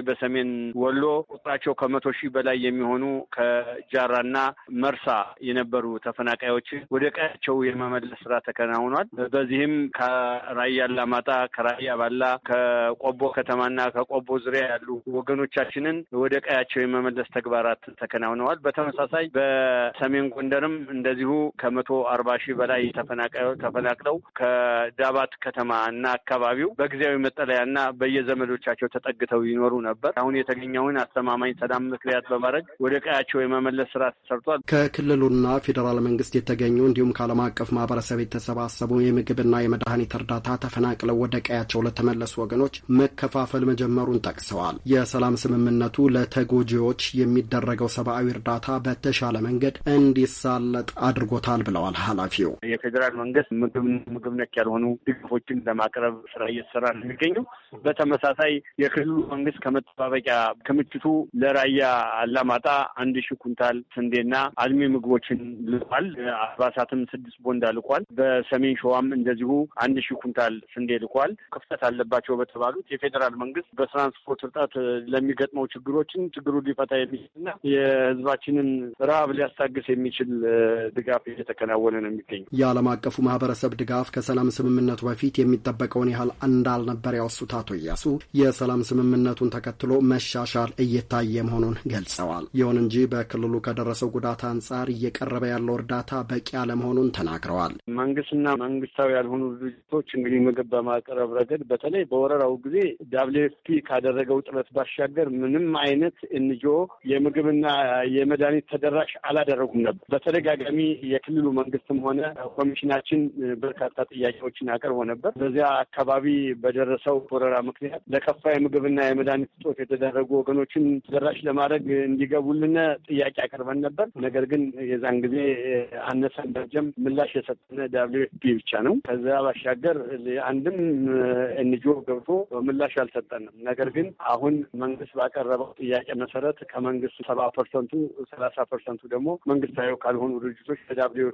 በሰሜን ወሎ ቁጥራቸው ከመቶ ሺህ በላይ የሚሆኑ ከጃራና መርሳ የነበሩ ተፈናቃዮች ወደ ቀያቸው የመመለስ ስራ ተከናውኗል። በዚህም ከራያ አላማጣ፣ ከራያ ባላ፣ ከቆቦ ከተማና ከቆቦ ዙሪያ ያሉ ወገኖቻችንን ወደ ቀያቸው የመመለስ ተግባራት ተከናውነዋል። በተመሳሳይ በሰሜን ጎንደርም እንደዚሁ ከመቶ አርባ ሺህ በላይ ተፈናቃዮች ተፈናቅለው ከዳባት ከተማ እና አካባቢው በጊዜያዊ መጠለያና በየዘመዶቻቸው ተጠግተው ይኖሩ ነበር። ነበር። አሁን የተገኘውን አስተማማኝ ሰላም ምክንያት በማድረግ ወደ ቀያቸው የመመለስ ስራ ተሰርቷል። ከክልሉና ፌዴራል መንግስት የተገኙ እንዲሁም ከዓለም አቀፍ ማህበረሰብ የተሰባሰቡ የምግብና የመድኃኒት እርዳታ ተፈናቅለው ወደ ቀያቸው ለተመለሱ ወገኖች መከፋፈል መጀመሩን ጠቅሰዋል። የሰላም ስምምነቱ ለተጎጂዎች የሚደረገው ሰብአዊ እርዳታ በተሻለ መንገድ እንዲሳለጥ አድርጎታል ብለዋል ኃላፊው። የፌዴራል መንግስት ምግብ ምግብ ነክ ያልሆኑ ድጋፎችን ለማቅረብ ስራ እየተሰራ ነው የሚገኘው። በተመሳሳይ የክልሉ መንግስት ከመ መጠባበቂያ ክምችቱ ለራያ አላማጣ አንድ ሺህ ኩንታል ስንዴና አልሚ ምግቦችን ልቋል። አልባሳትም ስድስት ቦንዳ ልቋል። በሰሜን ሸዋም እንደዚሁ አንድ ሺህ ኩንታል ስንዴ ልኳል። ክፍተት አለባቸው በተባሉት የፌዴራል መንግስት በትራንስፖርት እርጣት ለሚገጥመው ችግሮችን ችግሩ ሊፈታ የሚችልና የህዝባችንን ረሃብ ሊያስታግስ የሚችል ድጋፍ እየተከናወነ ነው የሚገኝ። የዓለም አቀፉ ማህበረሰብ ድጋፍ ከሰላም ስምምነቱ በፊት የሚጠበቀውን ያህል እንዳልነበር ያወሱት አቶ እያሱ የሰላም ስምምነቱን ተከ ተከትሎ መሻሻል እየታየ መሆኑን ገልጸዋል። ይሁን እንጂ በክልሉ ከደረሰው ጉዳት አንጻር እየቀረበ ያለው እርዳታ በቂ አለመሆኑን ተናግረዋል። መንግስትና መንግስታዊ ያልሆኑ ድርጅቶች እንግዲህ ምግብ በማቅረብ ረገድ በተለይ በወረራው ጊዜ ዳብሊፍፒ ካደረገው ጥረት ባሻገር ምንም አይነት እንጆ የምግብና የመድኃኒት ተደራሽ አላደረጉም ነበር። በተደጋጋሚ የክልሉ መንግስትም ሆነ ኮሚሽናችን በርካታ ጥያቄዎችን አቅርቦ ነበር። በዚያ አካባቢ በደረሰው ወረራ ምክንያት ለከፋ የምግብና የመድኃኒት ጾት የተደረጉ ወገኖችን ተደራሽ ለማድረግ እንዲገቡልን ጥያቄ አቅርበን ነበር። ነገር ግን የዛን ጊዜ አነሰን ደረጀም ምላሽ የሰጠነ ዳብሊው ኤፍ ፒ ብቻ ነው። ከዛ ባሻገር አንድም ኤንጂኦ ገብቶ ምላሽ አልሰጠንም። ነገር ግን አሁን መንግስት ባቀረበው ጥያቄ መሰረት ከመንግስቱ ሰባ ፐርሰንቱ ሰላሳ ፐርሰንቱ ደግሞ መንግስታዊ ካልሆኑ ድርጅቶች በዳብሊው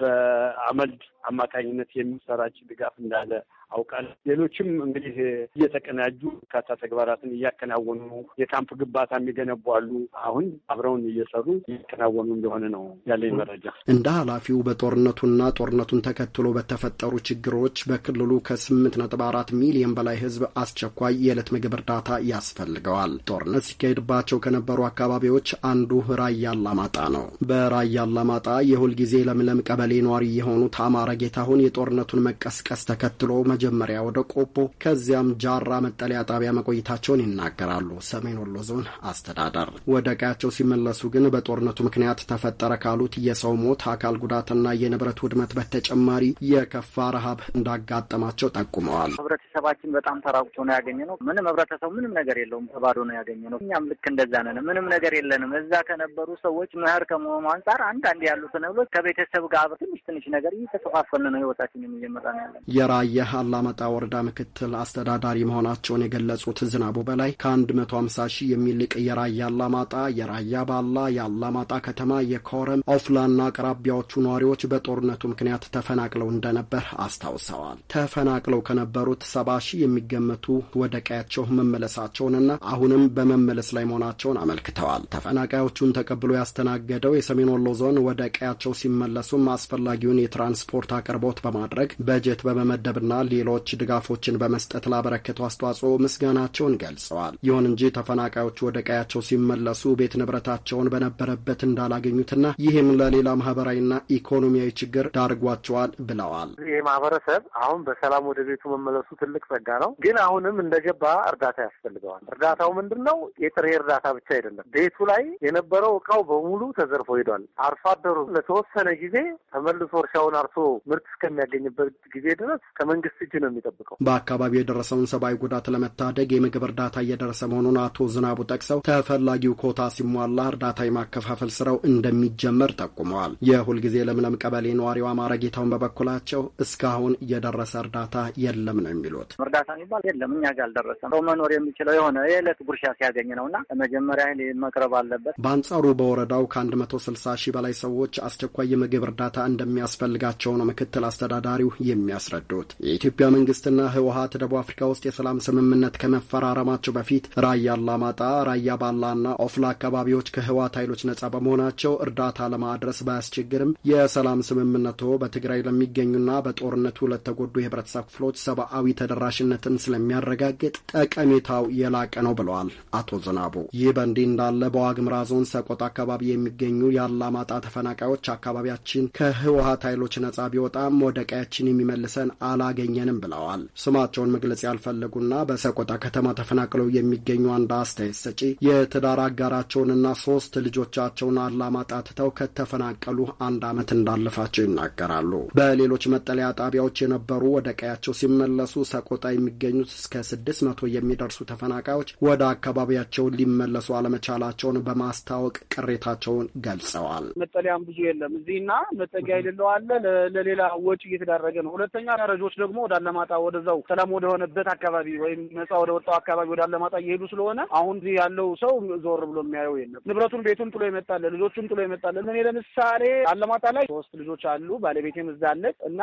በአመልድ አማካኝነት የሚሰራጭ ድጋፍ እንዳለ አውቃል። ሌሎችም እንግዲህ እየተቀናጁ በርካታ ተግባራት ተግባራትን እያከናወኑ የካምፕ ግንባታ የሚገነቡ አሉ። አሁን አብረውን እየሰሩ እያከናወኑ እንደሆነ ነው ያለኝ መረጃ። እንደ ኃላፊው በጦርነቱና ጦርነቱን ተከትሎ በተፈጠሩ ችግሮች በክልሉ ከስምንት ነጥብ አራት ሚሊዮን በላይ ህዝብ አስቸኳይ የዕለት ምግብ እርዳታ ያስፈልገዋል። ጦርነት ሲካሄድባቸው ከነበሩ አካባቢዎች አንዱ ራያ አላማጣ ነው። በራያ አላማጣ የሁልጊዜ ለምለም ቀበሌ ነዋሪ የሆኑት አማረ ጌታሁን የጦርነቱን መቀስቀስ ተከትሎ መጀመሪያ ወደ ቆቦ ከዚያም ጃራ መጠለያ ጣቢያ መቆየታቸው መሆናቸውን ይናገራሉ። ሰሜን ወሎ ዞን አስተዳደር ወደ ቀያቸው ሲመለሱ ግን በጦርነቱ ምክንያት ተፈጠረ ካሉት የሰው ሞት፣ አካል ጉዳትና የንብረት ውድመት በተጨማሪ የከፋ ረሃብ እንዳጋጠማቸው ጠቁመዋል። ህብረተሰባችን በጣም ተራቁቶ ነው ያገኘ ነው። ምንም ህብረተሰቡ ምንም ነገር የለውም። ተባዶ ነው ያገኘ ነው። እኛም ልክ እንደዛ ነን። ምንም ነገር የለንም። እዛ ከነበሩ ሰዎች መኸር ከመሆኑ አንጻር አንዳንድ ያሉትን እህሎች ከቤተሰብ ጋር ትንሽ ትንሽ ነገር እየተከፋፈልን ነው ህይወታችን የሚጀምረ ነው ያለ የራየህ አላመጣ ወረዳ ምክትል አስተዳዳሪ መሆናቸውን የገለጹት ዝናቡ በላይ ከ150 ሺህ የሚልቅ የራያ አላማጣ፣ የራያ ባላ፣ የአላማጣ ከተማ፣ የኮረም ኦፍላና አቅራቢያዎቹ ነዋሪዎች በጦርነቱ ምክንያት ተፈናቅለው እንደነበር አስታውሰዋል። ተፈናቅለው ከነበሩት ሰባ ሺህ የሚገመቱ ወደ ቀያቸው መመለሳቸውንና አሁንም በመመለስ ላይ መሆናቸውን አመልክተዋል። ተፈናቃዮቹን ተቀብሎ ያስተናገደው የሰሜን ወሎ ዞን ወደ ቀያቸው ሲመለሱም አስፈላጊውን የትራንስፖርት አቅርቦት በማድረግ በጀት በመመደብና ሌሎች ድጋፎችን በመስጠት ላበረከተው አስተዋጽኦ ምስጋናቸውን ገ ገልጸዋል። ይሁን እንጂ ተፈናቃዮቹ ወደ ቀያቸው ሲመለሱ ቤት ንብረታቸውን በነበረበት እንዳላገኙትና ይህም ለሌላ ማህበራዊና ኢኮኖሚያዊ ችግር ዳርጓቸዋል ብለዋል። ይህ ማህበረሰብ አሁን በሰላም ወደ ቤቱ መመለሱ ትልቅ ጸጋ ነው። ግን አሁንም እንደገባ እርዳታ ያስፈልገዋል። እርዳታው ምንድን ነው? የጥሬ እርዳታ ብቻ አይደለም። ቤቱ ላይ የነበረው እቃው በሙሉ ተዘርፎ ሄዷል። አርሶ አደሩ ለተወሰነ ጊዜ ተመልሶ እርሻውን አርሶ ምርት እስከሚያገኝበት ጊዜ ድረስ ከመንግስት እጅ ነው የሚጠብቀው። በአካባቢው የደረሰውን ሰብአዊ ጉዳት ለመታደግ የምግብ እርዳ እርዳታ እየደረሰ መሆኑን አቶ ዝናቡ ጠቅሰው ተፈላጊው ኮታ ሲሟላ እርዳታ የማከፋፈል ስራው እንደሚጀመር ጠቁመዋል። የሁልጊዜ ለምለም ቀበሌ ነዋሪው አማረ ጌታውን በበኩላቸው እስካሁን የደረሰ እርዳታ የለም ነው የሚሉት። እርዳታ የሚባል የለም እኛ ጋር አልደረሰም። ሰው መኖር የሚችለው የሆነ የዕለት ጉርሻ ሲያገኝ እና መጀመሪያ ይሄ መቅረብ አለበት። በአንጻሩ በወረዳው ከአንድ መቶ ስልሳ ሺህ በላይ ሰዎች አስቸኳይ የምግብ እርዳታ እንደሚያስፈልጋቸው ነው ምክትል አስተዳዳሪው የሚያስረዱት። የኢትዮጵያ መንግስትና ህወሀት ደቡብ አፍሪካ ውስጥ የሰላም ስምምነት ከመፈራረማ ከመቋቋማቸው በፊት ራያ አላማጣ፣ ራያ ባላና ኦፍላ አካባቢዎች ከህወሓት ኃይሎች ነጻ በመሆናቸው እርዳታ ለማድረስ ባያስቸግርም የሰላም ስምምነቱ በትግራይ ለሚገኙና በጦርነቱ ለተጎዱ የህብረተሰብ ክፍሎች ሰብአዊ ተደራሽነትን ስለሚያረጋግጥ ጠቀሜታው የላቀ ነው ብለዋል አቶ ዝናቡ። ይህ በእንዲህ እንዳለ በዋግምራ ዞን ሰቆጣ አካባቢ የሚገኙ የአላማጣ ተፈናቃዮች አካባቢያችን ከህወሓት ኃይሎች ነጻ ቢወጣም ወደ ቀያችን የሚመልሰን አላገኘንም ብለዋል። ስማቸውን መግለጽ ያልፈለጉና በሰቆጣ ከተማ ተፈና ተፈናቅለው የሚገኙ አንድ አስተያየት ሰጪ የትዳር አጋራቸውንና ሶስት ልጆቻቸውን አላማጣ ትተው ከተፈናቀሉ አንድ ዓመት እንዳለፋቸው ይናገራሉ። በሌሎች መጠለያ ጣቢያዎች የነበሩ ወደ ቀያቸው ሲመለሱ ሰቆጣ የሚገኙት እስከ ስድስት መቶ የሚደርሱ ተፈናቃዮች ወደ አካባቢያቸው ሊመለሱ አለመቻላቸውን በማስታወቅ ቅሬታቸውን ገልጸዋል። መጠለያም ብዙ የለም እዚህና መጠጊያ የሌለው አለ ለሌላ ወጪ እየተዳረገ ነው። ሁለተኛ ረጆች ደግሞ ወደ አላማጣ ወደዛው ሰላም ወደሆነበት አካባቢ ወይም ነጻ ወደ ወጣው አካባቢ አካባቢ ወደ አለማጣ እየሄዱ ስለሆነ አሁን ያለው ሰው ዞር ብሎ የሚያየው የለም። ንብረቱን ቤቱን ጥሎ ይመጣል፣ ልጆቹን ጥሎ ይመጣል። እኔ ለምሳሌ አለማጣ ላይ ሶስት ልጆች አሉ፣ ባለቤቴም እዛ አለች እና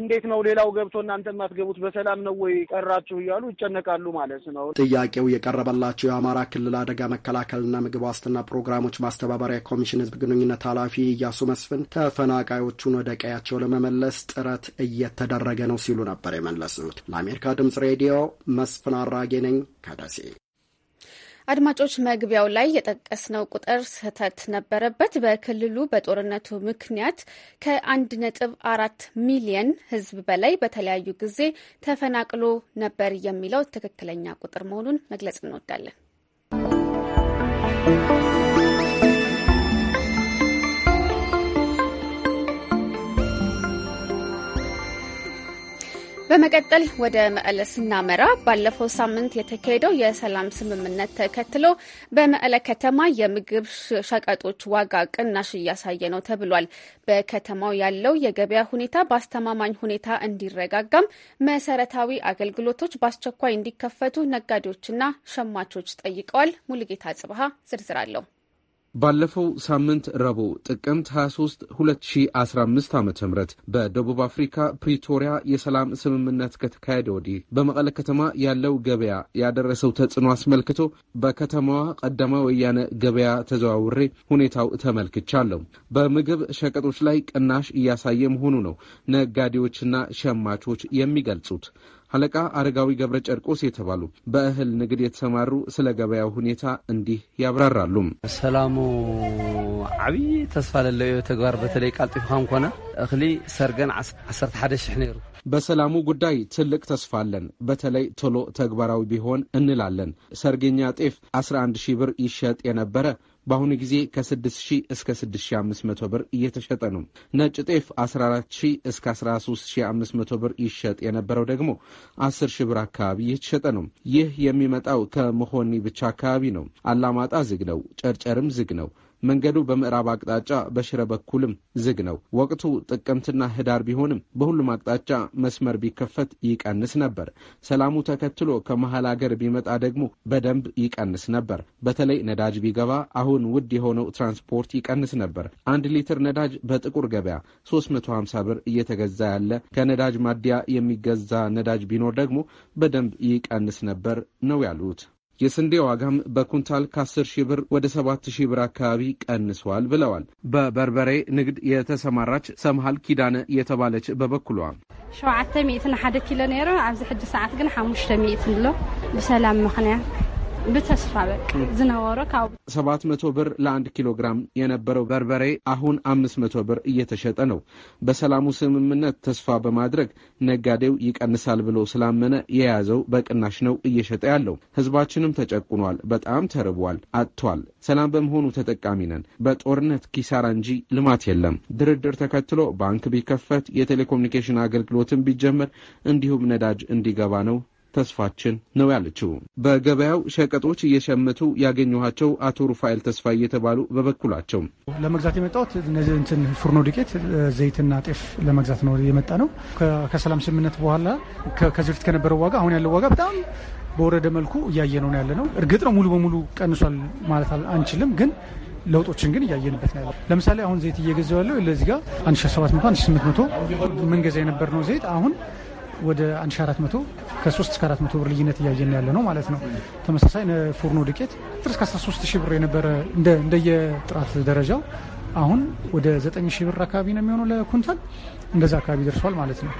እንዴት ነው ሌላው ገብቶ እናንተ የማትገቡት በሰላም ነው ወይ ቀራችሁ እያሉ ይጨነቃሉ ማለት ነው። ጥያቄው የቀረበላቸው የአማራ ክልል አደጋ መከላከልና ምግብ ዋስትና ፕሮግራሞች ማስተባበሪያ ኮሚሽን ህዝብ ግንኙነት ኃላፊ እያሱ መስፍን ተፈናቃዮቹን ወደ ቀያቸው ለመመለስ ጥረት እየተደረገ ነው ሲሉ ነበር የመለሱት። ለአሜሪካ ድምጽ ሬዲዮ መስፍን አራጌ ነኝ። ካዳሴ አድማጮች መግቢያው ላይ የጠቀስነው ቁጥር ስህተት ነበረበት። በክልሉ በጦርነቱ ምክንያት ከአንድ ነጥብ አራት ሚሊየን ሕዝብ በላይ በተለያዩ ጊዜ ተፈናቅሎ ነበር የሚለው ትክክለኛ ቁጥር መሆኑን መግለጽ እንወዳለን። በመቀጠል ወደ መቀለ ስናመራ ባለፈው ሳምንት የተካሄደው የሰላም ስምምነት ተከትሎ በመቀለ ከተማ የምግብ ሸቀጦች ዋጋ ቅናሽ እያሳየ ነው ተብሏል። በከተማው ያለው የገበያ ሁኔታ በአስተማማኝ ሁኔታ እንዲረጋጋም መሰረታዊ አገልግሎቶች በአስቸኳይ እንዲከፈቱ ነጋዴዎችና ሸማቾች ጠይቀዋል። ሙሉጌታ ጽብሃ ዝርዝር አለው። ባለፈው ሳምንት ረቡዕ ጥቅምት 23 2015 ዓ ም በደቡብ አፍሪካ ፕሪቶሪያ የሰላም ስምምነት ከተካሄደ ወዲህ በመቀለ ከተማ ያለው ገበያ ያደረሰው ተጽዕኖ አስመልክቶ በከተማዋ ቀዳማ ወያነ ገበያ ተዘዋውሬ ሁኔታው ተመልክቻለሁ። በምግብ ሸቀጦች ላይ ቅናሽ እያሳየ መሆኑ ነው ነጋዴዎችና ሸማቾች የሚገልጹት። አለቃ አረጋዊ ገብረ ጨርቆስ የተባሉ በእህል ንግድ የተሰማሩ ስለ ገበያው ሁኔታ እንዲህ ያብራራሉ። ሰላሙ ዓብይ ተስፋ ለለዮ ተግባር በተለይ ቃልጢፍካ ኮነ እኽሊ ሰርገን 11 ነይሩ። በሰላሙ ጉዳይ ትልቅ ተስፋ አለን። በተለይ ቶሎ ተግባራዊ ቢሆን እንላለን። ሰርገኛ ጤፍ 11 ሺህ ብር ይሸጥ የነበረ በአሁኑ ጊዜ ከ6000 እስከ 6500 ብር እየተሸጠ ነው። ነጭ ጤፍ 14000 እስከ 13500 ብር ይሸጥ የነበረው ደግሞ 10000 ብር አካባቢ እየተሸጠ ነው። ይህ የሚመጣው ከመሆኒ ብቻ አካባቢ ነው። አላማጣ ዝግ ነው። ጨርጨርም ዝግ ነው። መንገዱ በምዕራብ አቅጣጫ በሽረ በኩልም ዝግ ነው። ወቅቱ ጥቅምትና ህዳር ቢሆንም በሁሉም አቅጣጫ መስመር ቢከፈት ይቀንስ ነበር። ሰላሙ ተከትሎ ከመሀል አገር ቢመጣ ደግሞ በደንብ ይቀንስ ነበር። በተለይ ነዳጅ ቢገባ አሁን ውድ የሆነው ትራንስፖርት ይቀንስ ነበር። አንድ ሊትር ነዳጅ በጥቁር ገበያ 350 ብር እየተገዛ ያለ ከነዳጅ ማደያ የሚገዛ ነዳጅ ቢኖር ደግሞ በደንብ ይቀንስ ነበር ነው ያሉት። የስንዴ ዋጋም በኩንታል ከ10 ሺህ ብር ወደ 7 ሺህ ብር አካባቢ ቀንሷል ብለዋል። በበርበሬ ንግድ የተሰማራች ሰምሃል ኪዳነ የተባለች በበኩሏ 7 ሚእትን ሓደ ኪሎ ነይሩ ኣብዚ ሕጂ ሰዓት ግን 5 ሚእትን ብሎ ብሰላም ምክንያት ብተስፋ በቃ ዝነበሮ ካብ ሰባት መቶ ብር ለአንድ ኪሎ ግራም የነበረው በርበሬ አሁን አምስት መቶ ብር እየተሸጠ ነው። በሰላሙ ስምምነት ተስፋ በማድረግ ነጋዴው ይቀንሳል ብሎ ስላመነ የያዘው በቅናሽ ነው እየሸጠ ያለው። ህዝባችንም ተጨቁኗል፣ በጣም ተርቧል፣ አጥቷል። ሰላም በመሆኑ ተጠቃሚ ነን። በጦርነት ኪሳራ እንጂ ልማት የለም። ድርድር ተከትሎ ባንክ ቢከፈት የቴሌኮሙኒኬሽን አገልግሎትን ቢጀመር እንዲሁም ነዳጅ እንዲገባ ነው ተስፋችን ነው ያለችው። በገበያው ሸቀጦች እየሸመቱ ያገኘኋቸው አቶ ሩፋኤል ተስፋ እየተባሉ በበኩላቸው ለመግዛት የመጣሁት እነዚህ እንትን ፉርኖ ዱቄት፣ ዘይትና ጤፍ ለመግዛት ነው የመጣ ነው። ከሰላም ስምምነት በኋላ ከዚህ በፊት ከነበረው ዋጋ አሁን ያለው ዋጋ በጣም በወረደ መልኩ እያየ ነው ያለ ነው። እርግጥ ነው ሙሉ በሙሉ ቀንሷል ማለት አንችልም ግን ለውጦችን ግን እያየንበት ነው ያለው። ለምሳሌ አሁን ዘይት እየገዛው ያለው ለዚህ ጋር 1700 1800 ምንገዛ የነበር ነው ዘይት አሁን ወደ 1400 ከ3 እስከ 400 ብር ልዩነት እያየን ያለ ነው ማለት ነው። ተመሳሳይ ፉርኖ ዱቄት እስከ 13 ሺህ ብር የነበረ እንደየጥራት ደረጃው አሁን ወደ 9 ሺህ ብር አካባቢ ነው የሚሆነው ለኩንታል እንደዛ አካባቢ ደርሷል ማለት ነው።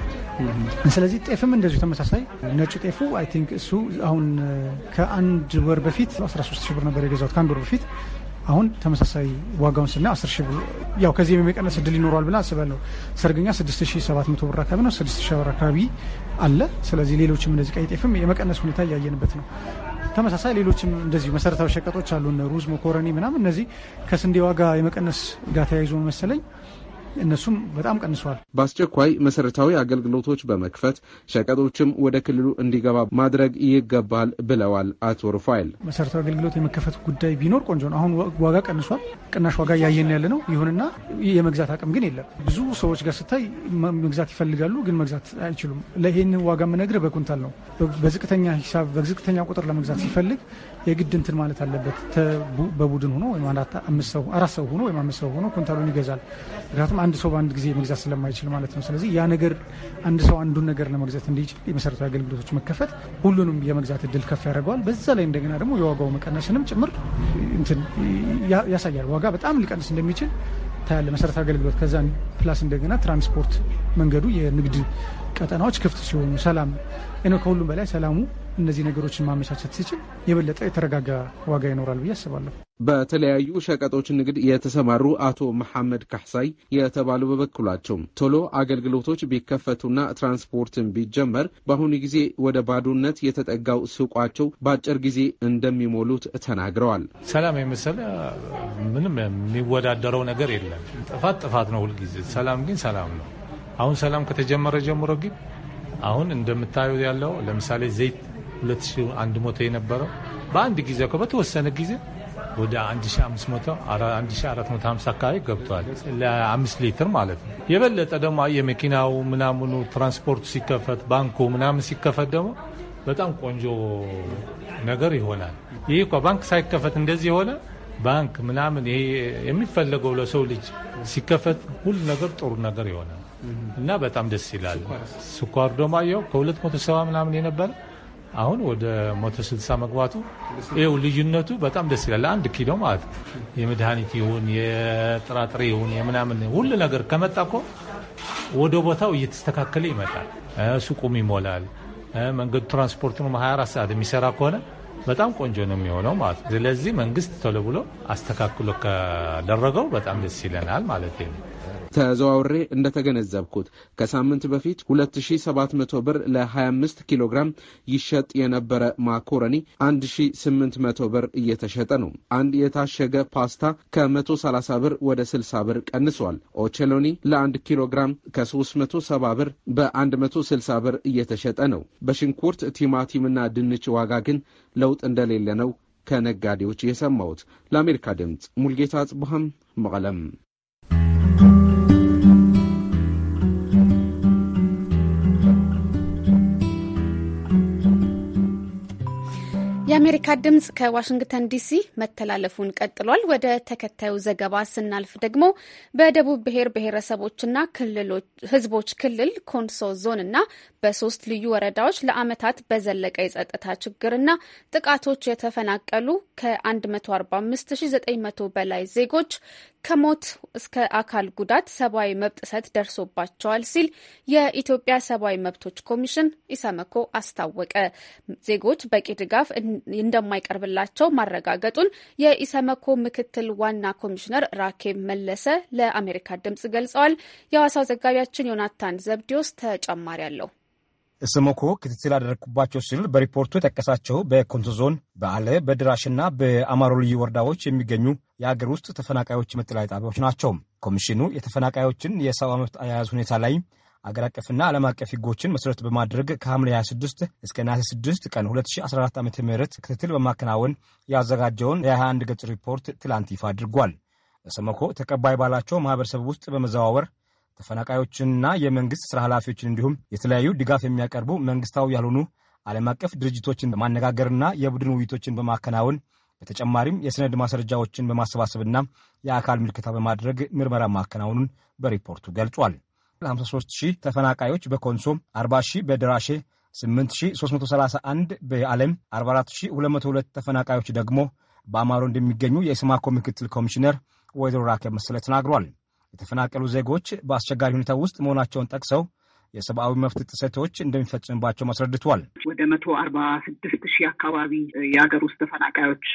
ስለዚህ ጤፍም እንደዚሁ ተመሳሳይ ነጭ ጤፉ አይ ቲንክ እሱ አሁን ከአንድ ወር በፊት 13 ሺህ ብር ነበር የገዛሁት ከአንድ ወር በፊት አሁን ተመሳሳይ ዋጋውን ስና አስር ሺህ ያው ከዚህ የሚቀነስ እድል ይኖረዋል ብለን አስባለሁ። ሰርግኛ ስድስት ሺህ ሰባት መቶ ብር አካባቢ ነው፣ ስድስት ሺህ ብር አካባቢ አለ። ስለዚህ ሌሎችም እንደዚህ ቀይ ጤፍም የመቀነስ ሁኔታ እያየንበት ነው። ተመሳሳይ ሌሎችም እንደዚህ መሰረታዊ ሸቀጦች አሉ፣ ሩዝ፣ መኮረኒ ምናምን። እነዚህ ከስንዴ ዋጋ የመቀነስ ጋር ተያይዞ መሰለኝ እነሱም በጣም ቀንሰዋል። በአስቸኳይ መሰረታዊ አገልግሎቶች በመክፈት ሸቀጦችም ወደ ክልሉ እንዲገባ ማድረግ ይገባል ብለዋል አቶ ሩፋኤል። መሰረታዊ አገልግሎት የመከፈት ጉዳይ ቢኖር ቆንጆ ነው። አሁን ዋጋ ቀንሷል፣ ቅናሽ ዋጋ እያየን ያለ ነው። ይሁንና የመግዛት አቅም ግን የለም። ብዙ ሰዎች ጋር ስታይ መግዛት ይፈልጋሉ፣ ግን መግዛት አይችሉም። ለይህን ዋጋ የምነግርህ በኩንታል ነው። በዝቅተኛ ሂሳብ በዝቅተኛ ቁጥር ለመግዛት ሲፈልግ የግድ እንትን ማለት አለበት። በቡድን ሆኖ ወይም አራት ሰው ሆኖ ወይም አምስት ሰው ሆኖ ኩንታሉን ይገዛል። ምክንያቱም አንድ ሰው በአንድ ጊዜ መግዛት ስለማይችል ማለት ነው። ስለዚህ ያ ነገር አንድ ሰው አንዱን ነገር ለመግዛት እንዲችል የመሰረታዊ አገልግሎቶች መከፈት ሁሉንም የመግዛት እድል ከፍ ያደርገዋል። በዛ ላይ እንደገና ደግሞ የዋጋው መቀነስንም ጭምር እንትን ያሳያል። ዋጋ በጣም ሊቀንስ እንደሚችል ታያለ። መሰረታዊ አገልግሎት ከዛ ፕላስ እንደገና ትራንስፖርት መንገዱ የንግድ ቀጠናዎች ክፍት ሲሆኑ ሰላም ከሁሉም በላይ ሰላሙ እነዚህ ነገሮችን ማመቻቸት ሲችል የበለጠ የተረጋጋ ዋጋ ይኖራል ብዬ አስባለሁ። በተለያዩ ሸቀጦች ንግድ የተሰማሩ አቶ መሐመድ ካሕሳይ የተባሉ በበኩላቸው ቶሎ አገልግሎቶች ቢከፈቱና ትራንስፖርትን ቢጀመር በአሁኑ ጊዜ ወደ ባዶነት የተጠጋው ሱቋቸው በአጭር ጊዜ እንደሚሞሉት ተናግረዋል። ሰላም የመሰለ ምንም የሚወዳደረው ነገር የለም። ጥፋት ጥፋት ነው ሁልጊዜ። ሰላም ግን ሰላም ነው። አሁን ሰላም ከተጀመረ ጀምሮ ግን አሁን እንደምታዩ ያለው ለምሳሌ ዘይት 2100 የነበረው በአንድ ጊዜ በተወሰነ ጊዜ ወደ 1450 አካባቢ ገብቷል። ለአምስት ሊትር ማለት ነው። የበለጠ ደግሞ የመኪናው ምናምኑ ትራንስፖርቱ ሲከፈት፣ ባንኩ ምናምን ሲከፈት ደግሞ በጣም ቆንጆ ነገር ይሆናል። ይህ እኮ ባንክ ሳይከፈት እንደዚህ የሆነ ባንክ ምናምን ይሄ የሚፈለገው ለሰው ልጅ ሲከፈት ሁሉ ነገር ጥሩ ነገር ይሆናል እና በጣም ደስ ይላል። ስኳር ደግሞ አየው ከ270 ምናምን የነበረ አሁን ወደ ሞተ ስልሳ መግባቱ ይኸው ልዩነቱ በጣም ደስ ይላል። አንድ ኪሎ ማለት ነው የመድኃኒት ይሁን የጥራጥሬ ይሁን የምናምን ሁሉ ነገር ከመጣ እኮ ወደ ቦታው እየተስተካከለ ይመጣል። ሱቁም ይሞላል። መንገዱ ትራንስፖርት ነው 24 ሰዓት የሚሰራ ከሆነ በጣም ቆንጆ ነው የሚሆነው ማለት ነው። ስለዚህ መንግስት ቶሎ ብሎ አስተካክሎ ከደረገው በጣም ደስ ይለናል ማለት ነው። ተዘዋውሬ እንደተገነዘብኩት ከሳምንት በፊት 2700 ብር ለ25 ኪሎ ግራም ይሸጥ የነበረ ማኮረኒ 1800 ብር እየተሸጠ ነው። አንድ የታሸገ ፓስታ ከ130 ብር ወደ 60 ብር ቀንሷል። ኦቸሎኒ ለ1 ኪሎ ግራም ከ370 ብር በ160 ብር እየተሸጠ ነው። በሽንኩርት ቲማቲምና ድንች ዋጋ ግን ለውጥ እንደሌለ ነው ከነጋዴዎች የሰማሁት። ለአሜሪካ ድምፅ ሙልጌታ ጽቡሃም መቀለም የአሜሪካ ድምፅ ከዋሽንግተን ዲሲ መተላለፉን ቀጥሏል። ወደ ተከታዩ ዘገባ ስናልፍ ደግሞ በደቡብ ብሔር ብሔረሰቦችና ህዝቦች ክልል ኮንሶ ዞን እና በሶስት ልዩ ወረዳዎች ለዓመታት በዘለቀ የጸጥታ ችግርና ጥቃቶች የተፈናቀሉ ከ145900 በላይ ዜጎች ከሞት እስከ አካል ጉዳት ሰብአዊ መብት ጥሰት ደርሶባቸዋል ሲል የኢትዮጵያ ሰብአዊ መብቶች ኮሚሽን ኢሰመኮ አስታወቀ። ዜጎች በቂ ድጋፍ እንደማይቀርብላቸው ማረጋገጡን የኢሰመኮ ምክትል ዋና ኮሚሽነር ራኬብ መለሰ ለአሜሪካ ድምጽ ገልጸዋል። የሐዋሳው ዘጋቢያችን ዮናታን ዘብዲዮስ ተጨማሪ አለው። ስሞኮ ክትትል አደረግኩባቸው ሲል በሪፖርቱ የጠቀሳቸው በኮንቶ ዞን በአለ በድራሽና በአማሮ ልዩ ወረዳዎች የሚገኙ የአገር ውስጥ ተፈናቃዮች መጠለያ ጣቢያዎች ናቸው። ኮሚሽኑ የተፈናቃዮችን የሰብአዊ መብት አያያዝ ሁኔታ ላይ አገር አቀፍና ዓለም አቀፍ ህጎችን መሰረት በማድረግ ከሐምሌ 26 እስከ ነሐሴ 6 ቀን 2014 ዓ ም ክትትል በማከናወን ያዘጋጀውን የ21 ገጽ ሪፖርት ትላንት ይፋ አድርጓል። ኢሰመኮ ተቀባይ ባላቸው ማህበረሰብ ውስጥ በመዘዋወር ተፈናቃዮችንና የመንግስት ስራ ኃላፊዎችን እንዲሁም የተለያዩ ድጋፍ የሚያቀርቡ መንግስታዊ ያልሆኑ ዓለም አቀፍ ድርጅቶችን በማነጋገርና የቡድን ውይይቶችን በማከናወን በተጨማሪም የሰነድ ማስረጃዎችን በማሰባሰብና የአካል ምልክታ በማድረግ ምርመራ ማከናወኑን በሪፖርቱ ገልጿል። 53 ሺህ ተፈናቃዮች በኮንሶ፣ 40 ሺህ በደራሼ 8331 በዓለም 44202 ተፈናቃዮች ደግሞ በአማሮ እንደሚገኙ የስማኮ ምክትል ኮሚሽነር ወይዘሮ ራኬብ መሰለ ተናግሯል። የተፈናቀሉ ዜጎች በአስቸጋሪ ሁኔታ ውስጥ መሆናቸውን ጠቅሰው የሰብአዊ መብት ጥሰቶች እንደሚፈጽምባቸው አስረድቷል። ወደ መቶ አርባ ስድስት ሺህ አካባቢ የሀገር ውስጥ ተፈናቃዮች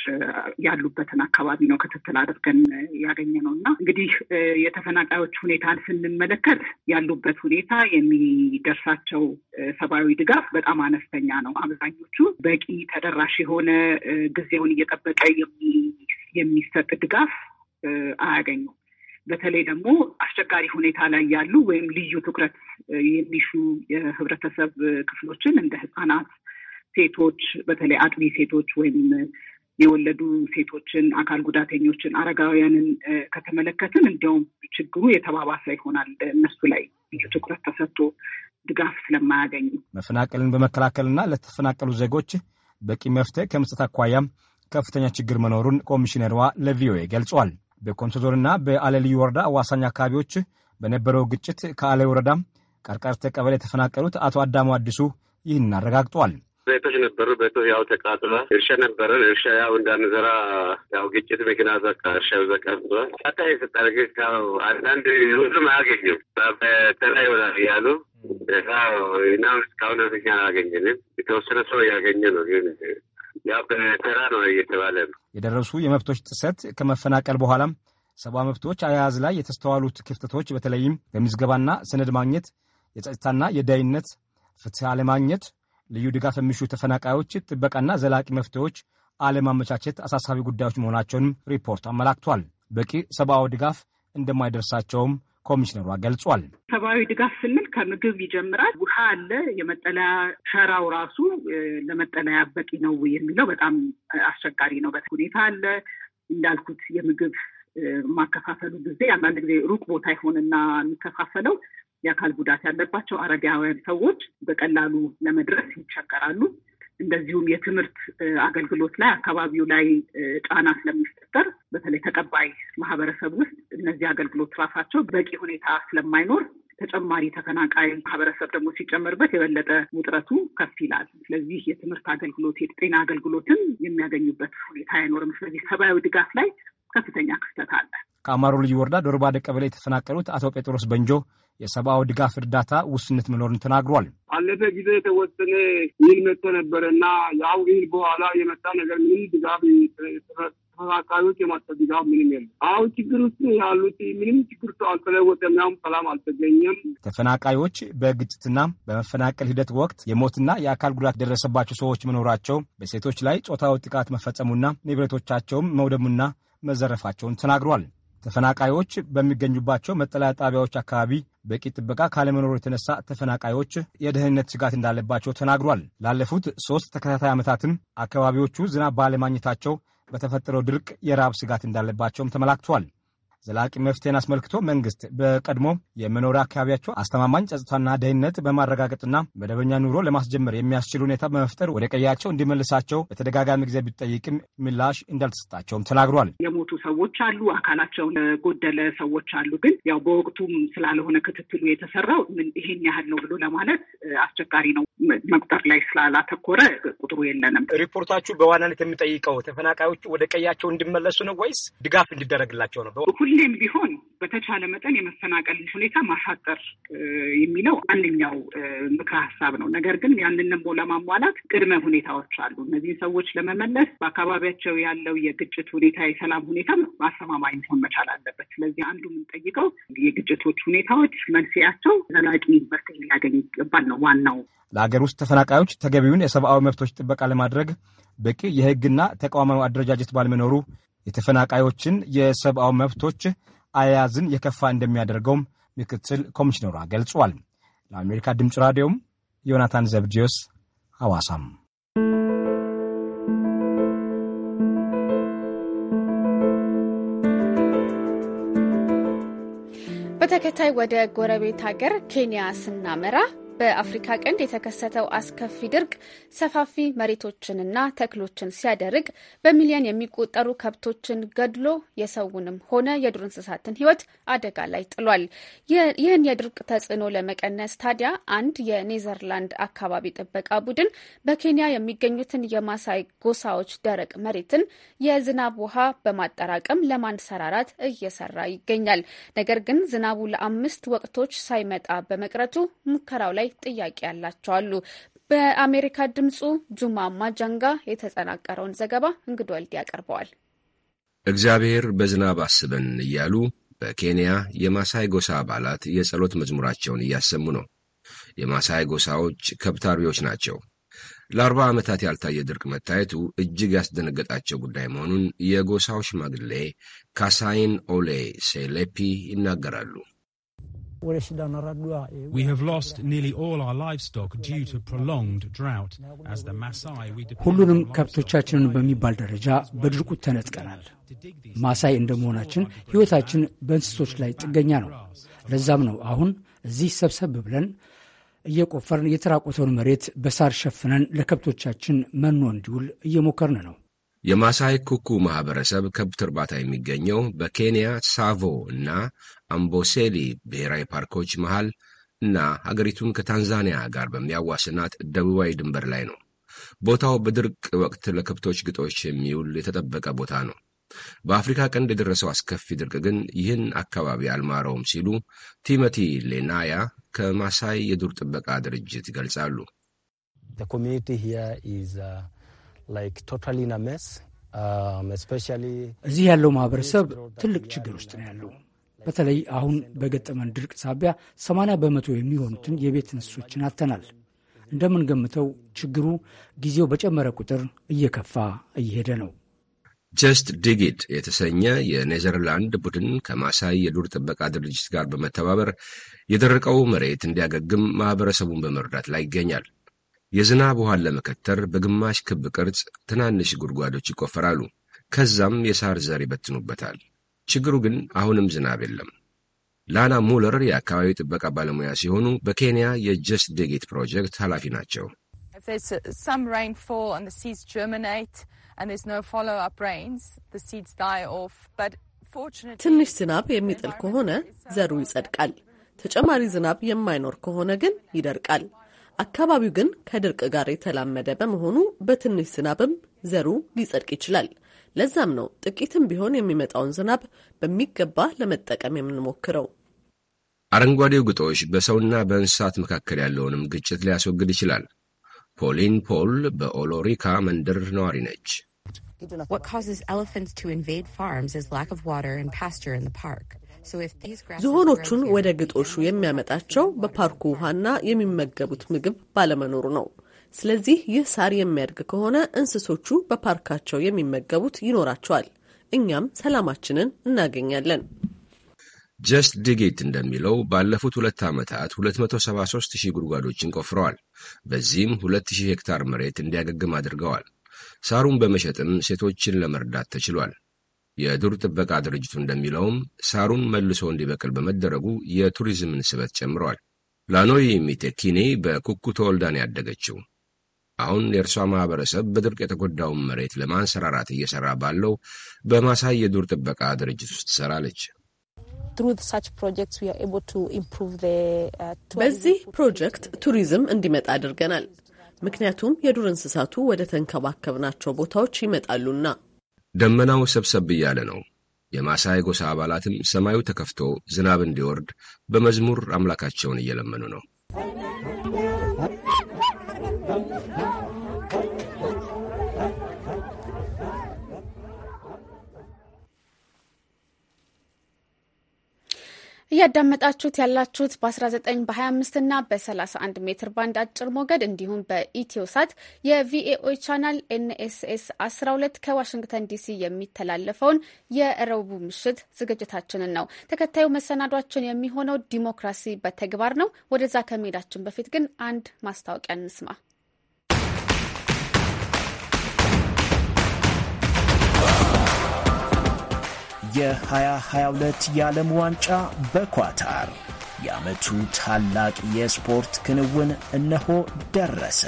ያሉበትን አካባቢ ነው ክትትል አድርገን ያገኘ ነው እና እንግዲህ የተፈናቃዮች ሁኔታን ስንመለከት ያሉበት ሁኔታ የሚደርሳቸው ሰብአዊ ድጋፍ በጣም አነስተኛ ነው። አብዛኞቹ በቂ ተደራሽ የሆነ ጊዜውን እየጠበቀ የሚሰጥ ድጋፍ አያገኙም። በተለይ ደግሞ አስቸጋሪ ሁኔታ ላይ ያሉ ወይም ልዩ ትኩረት የሚሹ የህብረተሰብ ክፍሎችን እንደ ህጻናት፣ ሴቶች፣ በተለይ አጥቢ ሴቶች ወይም የወለዱ ሴቶችን፣ አካል ጉዳተኞችን፣ አረጋውያንን ከተመለከትን እንዲያውም ችግሩ የተባባሰ ይሆናል። እነሱ ላይ ልዩ ትኩረት ተሰጥቶ ድጋፍ ስለማያገኙ መፈናቀልን በመከላከልና ለተፈናቀሉ ዜጎች በቂ መፍትሄ ከመስጠት አኳያም ከፍተኛ ችግር መኖሩን ኮሚሽነሯ ለቪኦኤ ገልጿል። በኮንሶ ዞንና በአሌ ልዩ ወረዳ አዋሳኝ አካባቢዎች በነበረው ግጭት ከአሌ ወረዳ ቀርቀርተ ቀበሌ የተፈናቀሉት አቶ አዳሙ አዲሱ ይህን አረጋግጠዋል። ቤቶች ነበሩ። ቤቶች ያው ተቃጥሎ እርሻ ነበረን። እርሻ ያው እንዳንዘራ ያው ግጭት መኪና ዘቃ እርሻ ዘቃ ቀጣ የሰጣል ግን ያው አንዳንድ ሁሉም አያገኘም በተለይ ይሆናል እያሉ እና እስካሁን እኛ አላገኘንም። የተወሰነ ሰው እያገኘ ነው ግን ያ ነው እየተባለ ነው የደረሱ የመብቶች ጥሰት ከመፈናቀል በኋላም ሰብአዊ መብቶች አያያዝ ላይ የተስተዋሉት ክፍተቶች በተለይም በምዝገባና ሰነድ ማግኘት፣ የጸጥታና የዳይነት ፍትህ አለማግኘት፣ ልዩ ድጋፍ የሚሹ ተፈናቃዮች ጥበቃና ዘላቂ መፍትሄዎች አለማመቻቸት አሳሳቢ ጉዳዮች መሆናቸውንም ሪፖርት አመላክቷል። በቂ ሰብአዊ ድጋፍ እንደማይደርሳቸውም ኮሚሽነሯ ገልጿል። ሰብአዊ ድጋፍ ስንል ከምግብ ይጀምራል። ውሃ አለ፣ የመጠለያ ሸራው ራሱ ለመጠለያ በቂ ነው የሚለው በጣም አስቸጋሪ ነው ሁኔታ አለ። እንዳልኩት የምግብ ማከፋፈሉ ጊዜ አንዳንድ ጊዜ ሩቅ ቦታ ይሆንና የሚከፋፈለው የአካል ጉዳት ያለባቸው አረጋውያን ሰዎች በቀላሉ ለመድረስ ይቸገራሉ። እንደዚሁም የትምህርት አገልግሎት ላይ አካባቢው ላይ ጫና ስለሚፈጠር በተለይ ተቀባይ ማህበረሰብ ውስጥ እነዚህ አገልግሎት ራሳቸው በቂ ሁኔታ ስለማይኖር ተጨማሪ ተፈናቃይ ማህበረሰብ ደግሞ ሲጨመርበት የበለጠ ውጥረቱ ከፍ ይላል። ስለዚህ የትምህርት አገልግሎት፣ የጤና አገልግሎትን የሚያገኙበት ሁኔታ አይኖርም። ስለዚህ ሰብአዊ ድጋፍ ላይ ከፍተኛ ክፍተት አለ። ከአማሮ ልዩ ወረዳ ዶርባደ ቀበሌ የተፈናቀሉት አቶ ጴጥሮስ በንጆ የሰብአዊ ድጋፍ እርዳታ ውስንነት መኖርን ተናግሯል። አለፈ ጊዜ የተወሰነ ይህል መጥቶ ነበረ እና ያው ይህል በኋላ የመጣ ነገር ምንም ድጋፍ ተፈናቃዮች የማጠ ድጋፍ ምንም የለም። አሁን ችግር ውስጥ ያሉት ምንም ችግር አልተለወጠም። ያውም ሰላም አልተገኘም። ተፈናቃዮች በግጭትና በመፈናቀል ሂደት ወቅት የሞትና የአካል ጉዳት የደረሰባቸው ሰዎች መኖራቸው፣ በሴቶች ላይ ጾታዊ ጥቃት መፈጸሙና ንብረቶቻቸውም መውደሙና መዘረፋቸውን ተናግሯል። ተፈናቃዮች በሚገኙባቸው መጠለያ ጣቢያዎች አካባቢ በቂ ጥበቃ ካለመኖሩ የተነሳ ተፈናቃዮች የደህንነት ስጋት እንዳለባቸው ተናግሯል። ላለፉት ሶስት ተከታታይ ዓመታትም አካባቢዎቹ ዝናብ ባለማግኘታቸው በተፈጠረው ድርቅ የራብ ስጋት እንዳለባቸውም ተመላክቷል። ዘላቂ መፍትሄን አስመልክቶ መንግስት በቀድሞ የመኖሪያ አካባቢያቸው አስተማማኝ ጸጥታና ደህንነት በማረጋገጥና መደበኛ ኑሮ ለማስጀመር የሚያስችል ሁኔታ በመፍጠር ወደ ቀያቸው እንዲመልሳቸው በተደጋጋሚ ጊዜ ቢጠይቅም ምላሽ እንዳልተሰጣቸውም ተናግሯል። የሞቱ ሰዎች አሉ፣ አካላቸውን ጎደለ ሰዎች አሉ። ግን ያው በወቅቱም ስላልሆነ ክትትሉ የተሰራው ይሄን ያህል ነው ብሎ ለማለት አስቸጋሪ ነው። መቁጠር ላይ ስላላተኮረ ቁጥሩ የለንም። ሪፖርታችሁ በዋናነት የሚጠይቀው ተፈናቃዮቹ ወደ ቀያቸው እንዲመለሱ ነው ወይስ ድጋፍ እንዲደረግላቸው ነው? ሁሌም ቢሆን በተቻለ መጠን የመሰናቀል ሁኔታ ማሳጠር የሚለው አንደኛው ምክረ ሀሳብ ነው። ነገር ግን ያንን ደግሞ ለማሟላት ቅድመ ሁኔታዎች አሉ። እነዚህን ሰዎች ለመመለስ በአካባቢያቸው ያለው የግጭት ሁኔታ፣ የሰላም ሁኔታ ማሰማማኝ መሆን መቻል አለበት። ስለዚህ አንዱ የምንጠይቀው የግጭቶች ሁኔታዎች መንስኤያቸው ዘላቂ መፍትሄ ሊያገኝ ይገባል ነው ዋናው። ለሀገር ውስጥ ተፈናቃዮች ተገቢውን የሰብአዊ መብቶች ጥበቃ ለማድረግ በቂ የህግና ተቋማዊ አደረጃጀት ባለመኖሩ የተፈናቃዮችን የሰብአዊ መብቶች አያያዝን የከፋ እንደሚያደርገውም ምክትል ኮሚሽነሯ ገልጿል። ለአሜሪካ ድምፅ ራዲዮም ዮናታን ዘብዲዮስ ሐዋሳም በተከታይ ወደ ጎረቤት ሀገር ኬንያ ስናመራ በአፍሪካ ቀንድ የተከሰተው አስከፊ ድርቅ ሰፋፊ መሬቶችንና ተክሎችን ሲያደርቅ በሚሊዮን የሚቆጠሩ ከብቶችን ገድሎ የሰውንም ሆነ የዱር እንስሳትን ሕይወት አደጋ ላይ ጥሏል። ይህን የድርቅ ተጽዕኖ ለመቀነስ ታዲያ አንድ የኔዘርላንድ አካባቢ ጥበቃ ቡድን በኬንያ የሚገኙትን የማሳይ ጎሳዎች ደረቅ መሬትን የዝናብ ውሃ በማጠራቀም ለማንሰራራት እየሰራ ይገኛል። ነገር ግን ዝናቡ ለአምስት ወቅቶች ሳይመጣ በመቅረቱ ሙከራው ላይ ጥያቄ ያላቸው አሉ። በአሜሪካ ድምጹ ጁማ ማጃንጋ የተጠናቀረውን ዘገባ እንግዶ ወልድ ያቀርበዋል። እግዚአብሔር በዝናብ አስበን እያሉ በኬንያ የማሳይ ጎሳ አባላት የጸሎት መዝሙራቸውን እያሰሙ ነው። የማሳይ ጎሳዎች ከብት አርቢዎች ናቸው። ለአርባ ዓመታት ያልታየ ድርቅ መታየቱ እጅግ ያስደነገጣቸው ጉዳይ መሆኑን የጎሳው ሽማግሌ ካሳይን ኦሌ ሴሌፒ ይናገራሉ። ሁሉንም ከብቶቻችንን በሚባል ደረጃ በድርቁ ተነጥቀናል። ማሳይ እንደመሆናችን ሕይወታችን በእንስሶች ላይ ጥገኛ ነው። ለዛም ነው አሁን እዚህ ሰብሰብ ብለን እየቆፈርን የተራቆተውን መሬት በሳር ሸፍነን ለከብቶቻችን መኖ እንዲውል እየሞከርን ነው። የማሳይ ኩኩ ማህበረሰብ ከብት እርባታ የሚገኘው በኬንያ ሳቮ እና አምቦሴሊ ብሔራዊ ፓርኮች መሃል እና ሀገሪቱን ከታንዛኒያ ጋር በሚያዋስናት ደቡባዊ ድንበር ላይ ነው። ቦታው በድርቅ ወቅት ለከብቶች ግጦሽ የሚውል የተጠበቀ ቦታ ነው። በአፍሪካ ቀንድ የደረሰው አስከፊ ድርቅ ግን ይህን አካባቢ አልማረውም ሲሉ ቲሞቲ ሌናያ ከማሳይ የዱር ጥበቃ ድርጅት ይገልጻሉ። uh, um, እዚህ ያለው ማህበረሰብ ትልቅ ችግር ውስጥ ነው ያለው። በተለይ አሁን በገጠመን ድርቅ ሳቢያ 80 በመቶ የሚሆኑትን የቤት እንስሶችን አጥተናል። እንደምንገምተው ችግሩ ጊዜው በጨመረ ቁጥር እየከፋ እየሄደ ነው። ጀስት ዲጊት የተሰኘ የኔዘርላንድ ቡድን ከማሳይ የዱር ጥበቃ ድርጅት ጋር በመተባበር የደረቀው መሬት እንዲያገግም ማኅበረሰቡን በመርዳት ላይ ይገኛል። የዝናብ ውሃን ለመከተር በግማሽ ክብ ቅርጽ ትናንሽ ጉድጓዶች ይቆፈራሉ። ከዛም የሳር ዘር ይበትኑበታል። ችግሩ ግን አሁንም ዝናብ የለም። ላና ሙለር የአካባቢ ጥበቃ ባለሙያ ሲሆኑ በኬንያ የጀስት ዲጊት ፕሮጀክት ኃላፊ ናቸው። ትንሽ ዝናብ የሚጥል ከሆነ ዘሩ ይጸድቃል። ተጨማሪ ዝናብ የማይኖር ከሆነ ግን ይደርቃል። አካባቢው ግን ከድርቅ ጋር የተላመደ በመሆኑ በትንሽ ዝናብም ዘሩ ሊጸድቅ ይችላል። ለዛም ነው ጥቂትም ቢሆን የሚመጣውን ዝናብ በሚገባ ለመጠቀም የምንሞክረው። አረንጓዴው ግጦሽ በሰውና በእንስሳት መካከል ያለውንም ግጭት ሊያስወግድ ይችላል። ፖሊን ፖል በኦሎሪካ መንደር ነዋሪ ነች። ዝሆኖቹን ወደ ግጦሹ የሚያመጣቸው በፓርኩ ውሃና የሚመገቡት ምግብ ባለመኖሩ ነው። ስለዚህ ይህ ሳር የሚያድግ ከሆነ እንስሶቹ በፓርካቸው የሚመገቡት ይኖራቸዋል፣ እኛም ሰላማችንን እናገኛለን። ጀስት ዲጌት እንደሚለው ባለፉት ሁለት ዓመታት 273 ሺህ ጉድጓዶችን ቆፍረዋል። በዚህም 2000 ሄክታር መሬት እንዲያገግም አድርገዋል። ሳሩን በመሸጥም ሴቶችን ለመርዳት ተችሏል። የዱር ጥበቃ ድርጅቱ እንደሚለውም ሳሩን መልሶ እንዲበቅል በመደረጉ የቱሪዝምን ስበት ጨምረዋል። ላኖይ ሚቴኪኔ በኩኩቶ ወልዳን ያደገችው አሁን የእርሷ ማህበረሰብ በድርቅ የተጎዳውን መሬት ለማንሰራራት እየሰራ ባለው በማሳይ የዱር ጥበቃ ድርጅት ውስጥ ትሰራለች። uh, በዚህ ፕሮጀክት ቱሪዝም እንዲመጣ አድርገናል። ምክንያቱም የዱር እንስሳቱ ወደ ተንከባከብናቸው ቦታዎች ይመጣሉና። ደመናው ሰብሰብ እያለ ነው። የማሳይ ጎሳ አባላትም ሰማዩ ተከፍቶ ዝናብ እንዲወርድ በመዝሙር አምላካቸውን እየለመኑ ነው። እያዳመጣችሁት ያላችሁት በ19 በ25 እና በ31 ሜትር ባንድ አጭር ሞገድ እንዲሁም በኢትዮሳት የቪኦኤ ቻናል ኤንኤስኤስ 12 ከዋሽንግተን ዲሲ የሚተላለፈውን የረቡ ምሽት ዝግጅታችንን ነው። ተከታዩ መሰናዷችን የሚሆነው ዲሞክራሲ በተግባር ነው። ወደዛ ከመሄዳችን በፊት ግን አንድ ማስታወቂያ እንስማ። የ2022 የዓለም ዋንጫ በኳታር የዓመቱ ታላቅ የስፖርት ክንውን እነሆ ደረሰ።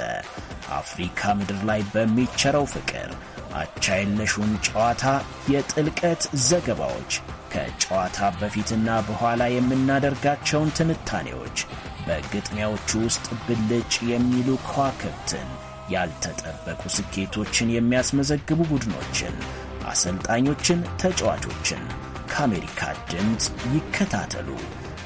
አፍሪካ ምድር ላይ በሚቸረው ፍቅር አቻ የለሹን ጨዋታ የጥልቀት ዘገባዎች ከጨዋታ በፊትና በኋላ የምናደርጋቸውን ትንታኔዎች በግጥሚያዎቹ ውስጥ ብልጭ የሚሉ ከዋክብትን፣ ያልተጠበቁ ስኬቶችን የሚያስመዘግቡ ቡድኖችን አሰልጣኞችን፣ ተጫዋቾችን ከአሜሪካ ድምፅ ይከታተሉ።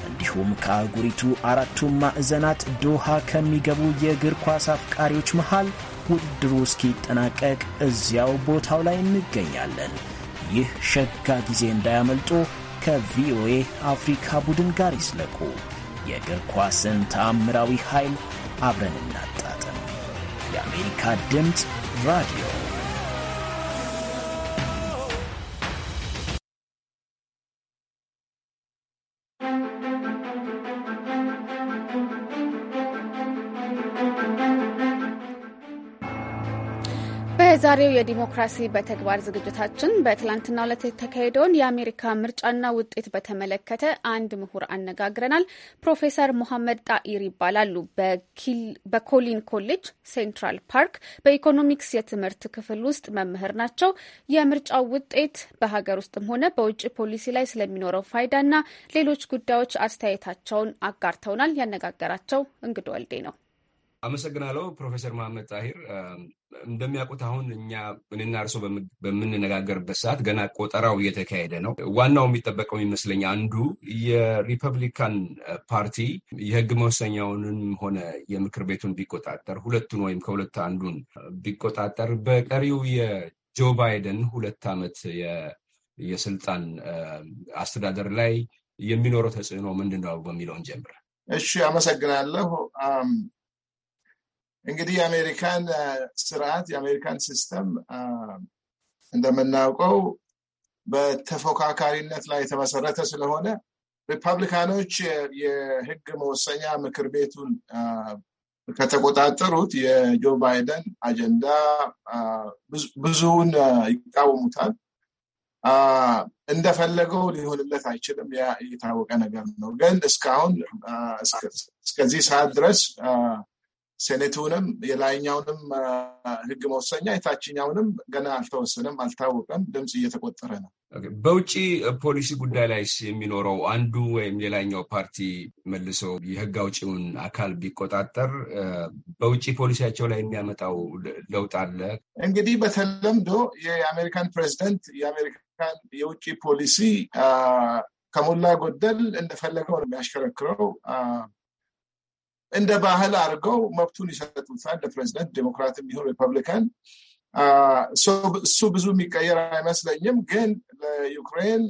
እንዲሁም ከአህጉሪቱ አራቱ ማዕዘናት ዶሃ ከሚገቡ የእግር ኳስ አፍቃሪዎች መሃል ውድድሩ እስኪጠናቀቅ እዚያው ቦታው ላይ እንገኛለን። ይህ ሸጋ ጊዜ እንዳያመልጦ ከቪኦኤ አፍሪካ ቡድን ጋር ይስለቁ። የእግር ኳስን ተአምራዊ ኃይል አብረን እናጣጥም። የአሜሪካ ድምፅ ራዲዮ በዛሬው የዲሞክራሲ በተግባር ዝግጅታችን በትላንትና ዕለት የተካሄደውን የአሜሪካ ምርጫና ውጤት በተመለከተ አንድ ምሁር አነጋግረናል። ፕሮፌሰር ሞሐመድ ጣኢር ይባላሉ። በኮሊን ኮሌጅ ሴንትራል ፓርክ በኢኮኖሚክስ የትምህርት ክፍል ውስጥ መምህር ናቸው። የምርጫው ውጤት በሀገር ውስጥም ሆነ በውጭ ፖሊሲ ላይ ስለሚኖረው ፋይዳና ሌሎች ጉዳዮች አስተያየታቸውን አጋርተውናል። ያነጋገራቸው እንግዶ ወልዴ ነው። አመሰግናለሁ ፕሮፌሰር መሐመድ ጣሂር። እንደሚያውቁት አሁን እኛ እኔና እርሶ በምንነጋገርበት ሰዓት ገና ቆጠራው እየተካሄደ ነው። ዋናው የሚጠበቀው ይመስለኝ አንዱ የሪፐብሊካን ፓርቲ የህግ መወሰኛውንም ሆነ የምክር ቤቱን ቢቆጣጠር ሁለቱን ወይም ከሁለት አንዱን ቢቆጣጠር በቀሪው የጆ ባይደን ሁለት ዓመት የስልጣን አስተዳደር ላይ የሚኖረው ተጽዕኖ ምንድን ነው በሚለውን ጀምር። እሺ፣ አመሰግናለሁ። እንግዲህ የአሜሪካን ስርዓት የአሜሪካን ሲስተም እንደምናውቀው በተፎካካሪነት ላይ የተመሰረተ ስለሆነ ሪፐብሊካኖች የህግ መወሰኛ ምክር ቤቱን ከተቆጣጠሩት የጆ ባይደን አጀንዳ ብዙውን ይቃወሙታል። እንደፈለገው ሊሆንለት አይችልም። የታወቀ ነገር ነው። ግን እስካሁን እስከዚህ ሰዓት ድረስ ሴኔቱንም የላይኛውንም ህግ መወሰኛ የታችኛውንም ገና አልተወሰነም፣ አልታወቀም። ድምፅ እየተቆጠረ ነው። በውጭ ፖሊሲ ጉዳይ ላይ የሚኖረው አንዱ ወይም ሌላኛው ፓርቲ መልሰው የህግ አውጪውን አካል ቢቆጣጠር በውጭ ፖሊሲያቸው ላይ የሚያመጣው ለውጥ አለ። እንግዲህ በተለምዶ የአሜሪካን ፕሬዚደንት የአሜሪካን የውጭ ፖሊሲ ከሞላ ጎደል እንደፈለገው ነው የሚያሽከረክረው። እንደ ባህል አድርገው መብቱን ይሰጡታል ለፕሬዚደንት፣ ዴሞክራትም ይሁን ሪፐብሊካን። እሱ ብዙ የሚቀየር አይመስለኝም። ግን ለዩክሬን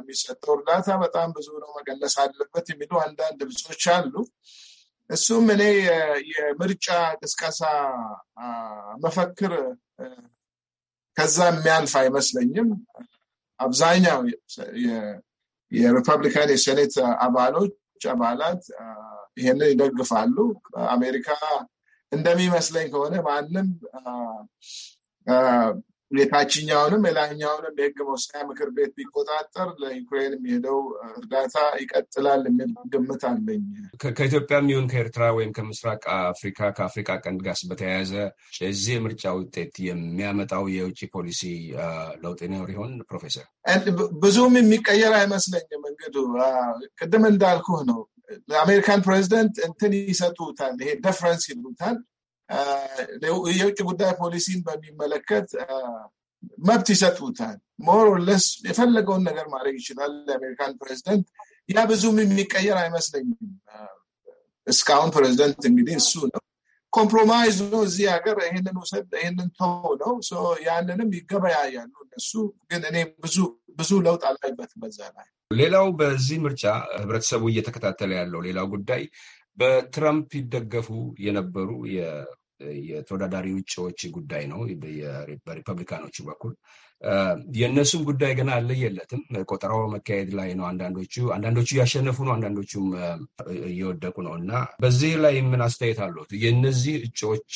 የሚሰጠው እርዳታ በጣም ብዙ ነው፣ መቀነስ አለበት የሚሉ አንዳንድ ብዙዎች አሉ። እሱም እኔ የምርጫ ቅስቀሳ መፈክር ከዛ የሚያልፍ አይመስለኝም። አብዛኛው የሪፐብሊካን የሴኔት አባሎች አባላት ይህንን ይደግፋሉ። አሜሪካ እንደሚመስለኝ ከሆነ ማንም የታችኛውንም የላይኛውንም የህግ መወሰኛ ምክር ቤት ቢቆጣጠር ለዩክሬን የሚሄደው እርዳታ ይቀጥላል የሚል ግምት አለኝ። ከኢትዮጵያም ይሁን ከኤርትራ ወይም ከምስራቅ አፍሪካ ከአፍሪካ ቀንድ ጋስ በተያያዘ እዚህ የምርጫ ውጤት የሚያመጣው የውጭ ፖሊሲ ለውጥ ይኖር ይሆን? ፕሮፌሰር ብዙም የሚቀየር አይመስለኝም። እንግዲህ ቅድም እንዳልኩህ ነው ለአሜሪካን ፕሬዚደንት እንትን ይሰጡታል። ይሄ ደፍረንስ ይሉታል። የውጭ ጉዳይ ፖሊሲን በሚመለከት መብት ይሰጡታል። ሞር ኦር ለስ የፈለገውን ነገር ማድረግ ይችላል ለአሜሪካን ፕሬዚደንት። ያ ብዙም የሚቀየር አይመስለኝም። እስካሁን ፕሬዚደንት እንግዲህ እሱ ነው። ኮምፕሮማይዝ ነው እዚህ ሀገር ይህንን ውሰድ ይህንን ቶ ነው። ያንንም ይገበያያሉ እነሱ። ግን እኔ ብዙ ብዙ ለውጥ አላይበትም በዛ ላይ ሌላው በዚህ ምርጫ ህብረተሰቡ እየተከታተለ ያለው ሌላው ጉዳይ በትራምፕ ይደገፉ የነበሩ የተወዳዳሪ ውጭዎች ጉዳይ ነው። በሪፐብሊካኖቹ በኩል የእነሱም ጉዳይ ገና አለየለትም። ቆጠራው መካሄድ ላይ ነው። አንዳንዶቹ አንዳንዶቹ እያሸነፉ ነው፣ አንዳንዶቹም እየወደቁ ነው እና በዚህ ላይ ምን አስተያየት አሉት? የእነዚህ እጩዎች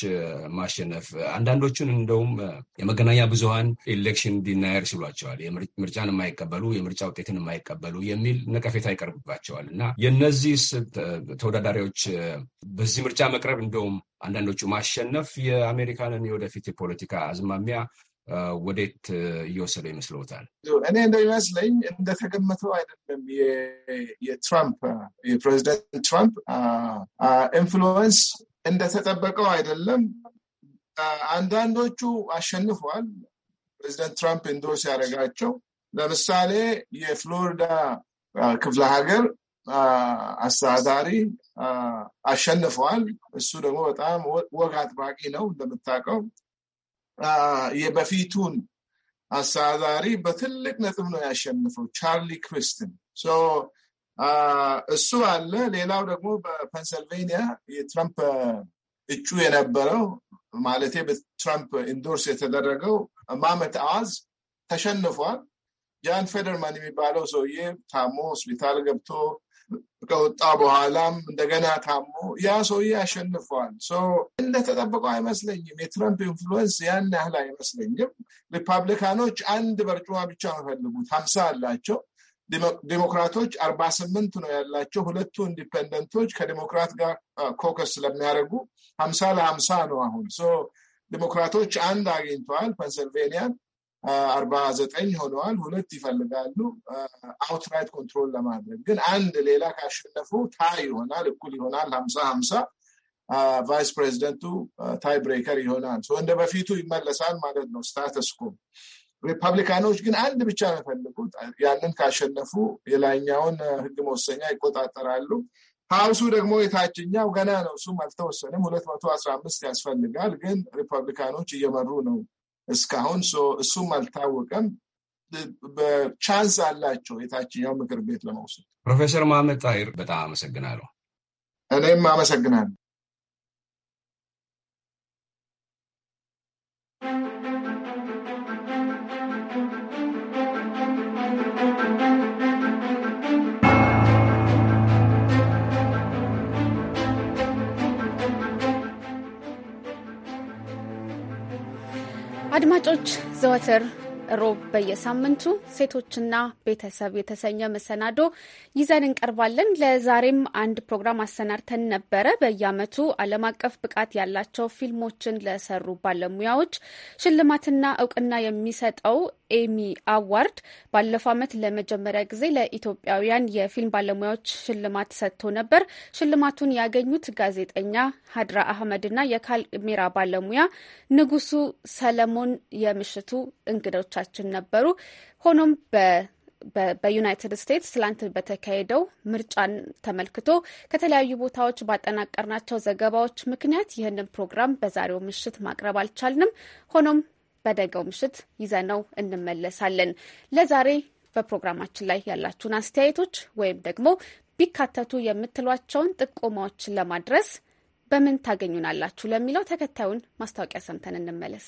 ማሸነፍ አንዳንዶቹን እንደውም የመገናኛ ብዙሀን ኤሌክሽን ዲናየር ሲሏቸዋል፣ ምርጫን የማይቀበሉ የምርጫ ውጤትን የማይቀበሉ የሚል ነቀፌታ ይቀርብባቸዋል እና የእነዚህ ተወዳዳሪዎች በዚህ ምርጫ መቅረብ እንደውም አንዳንዶቹ ማሸነፍ የአሜሪካንን የወደፊት የፖለቲካ አዝማሚያ ወዴት እየወሰደ ይመስለውታል? እኔ እንደሚመስለኝ እንደተገመተው አይደለም። የትራምፕ የፕሬዚደንት ትራምፕ ኢንፍሉወንስ እንደተጠበቀው አይደለም። አንዳንዶቹ አሸንፏል ፕሬዚደንት ትራምፕ ኢንዶርስ ያደረጋቸው። ለምሳሌ የፍሎሪዳ ክፍለ ሀገር አስተዳዳሪ አሸንፈዋል። እሱ ደግሞ በጣም ወግ አጥባቂ ነው እንደምታውቀው። የበፊቱን አስተዳዳሪ በትልቅ ነጥብ ነው ያሸንፈው ቻርሊ ክሪስትን። እሱ አለ። ሌላው ደግሞ በፔንሰልቬኒያ የትራምፕ እጩ የነበረው ማለት በትራምፕ ኢንዶርስ የተደረገው ማመት አዋዝ ተሸንፏል። ጃን ፌደርማን የሚባለው ሰውዬ ታሞ ሆስፒታል ገብቶ ከወጣ በኋላም እንደገና ታሞ ያ ሰውዬ አሸንፏል። እንደተጠበቀው አይመስለኝም። የትረምፕ ኢንፍሉወንስ ያን ያህል አይመስለኝም። ሪፐብሊካኖች አንድ በርጩማ ብቻ ነው የፈለጉት፣ ሀምሳ አላቸው። ዲሞክራቶች አርባ ስምንት ነው ያላቸው። ሁለቱ ኢንዲፐንደንቶች ከዲሞክራት ጋር ኮከስ ስለሚያደርጉ ሀምሳ ለሀምሳ ነው አሁን ዲሞክራቶች አንድ አግኝተዋል ፔንስልቬኒያን አርባ ዘጠኝ ሆነዋል። ሁለት ይፈልጋሉ አውትራይት ኮንትሮል ለማድረግ ግን አንድ ሌላ ካሸነፉ ታይ ይሆናል፣ እኩል ይሆናል፣ ሀምሳ ሀምሳ ቫይስ ፕሬዚደንቱ ታይ ብሬከር ይሆናል። እንደ በፊቱ ይመለሳል ማለት ነው ስታተስ ኮ። ሪፐብሊካኖች ግን አንድ ብቻ ነው የፈለጉት። ያንን ካሸነፉ የላይኛውን ህግ መወሰኛ ይቆጣጠራሉ። ሀውሱ ደግሞ የታችኛው ገና ነው፣ እሱም አልተወሰንም። ሁለት መቶ አስራ አምስት ያስፈልጋል። ግን ሪፐብሊካኖች እየመሩ ነው እስካሁን እሱም አልታወቀም። ቻንስ አላቸው የታችኛው ምክር ቤት ለመውሰድ። ፕሮፌሰር መሀመድ ጣሂር በጣም አመሰግናለሁ። እኔም አመሰግናለሁ። አድማጮች ዘወትር ሮብ በየሳምንቱ ሴቶችና ቤተሰብ የተሰኘ መሰናዶ ይዘን እንቀርባለን። ለዛሬም አንድ ፕሮግራም አሰናድተን ነበረ። በየዓመቱ ዓለም አቀፍ ብቃት ያላቸው ፊልሞችን ለሰሩ ባለሙያዎች ሽልማትና እውቅና የሚሰጠው ኤሚ አዋርድ ባለፈው ዓመት ለመጀመሪያ ጊዜ ለኢትዮጵያውያን የፊልም ባለሙያዎች ሽልማት ሰጥቶ ነበር። ሽልማቱን ያገኙት ጋዜጠኛ ሀድራ አህመድና የካሜራ ባለሙያ ንጉሱ ሰለሞን የምሽቱ እንግዶቻችን ነበሩ። ሆኖም በ በዩናይትድ ስቴትስ ትላንት በተካሄደው ምርጫን ተመልክቶ ከተለያዩ ቦታዎች ባጠናቀርናቸው ዘገባዎች ምክንያት ይህንን ፕሮግራም በዛሬው ምሽት ማቅረብ አልቻልንም። ሆኖም በደገው ምሽት ይዘነው እንመለሳለን። ለዛሬ በፕሮግራማችን ላይ ያላችሁን አስተያየቶች ወይም ደግሞ ቢካተቱ የምትሏቸውን ጥቆማዎችን ለማድረስ በምን ታገኙናላችሁ ለሚለው ተከታዩን ማስታወቂያ ሰምተን እንመለስ።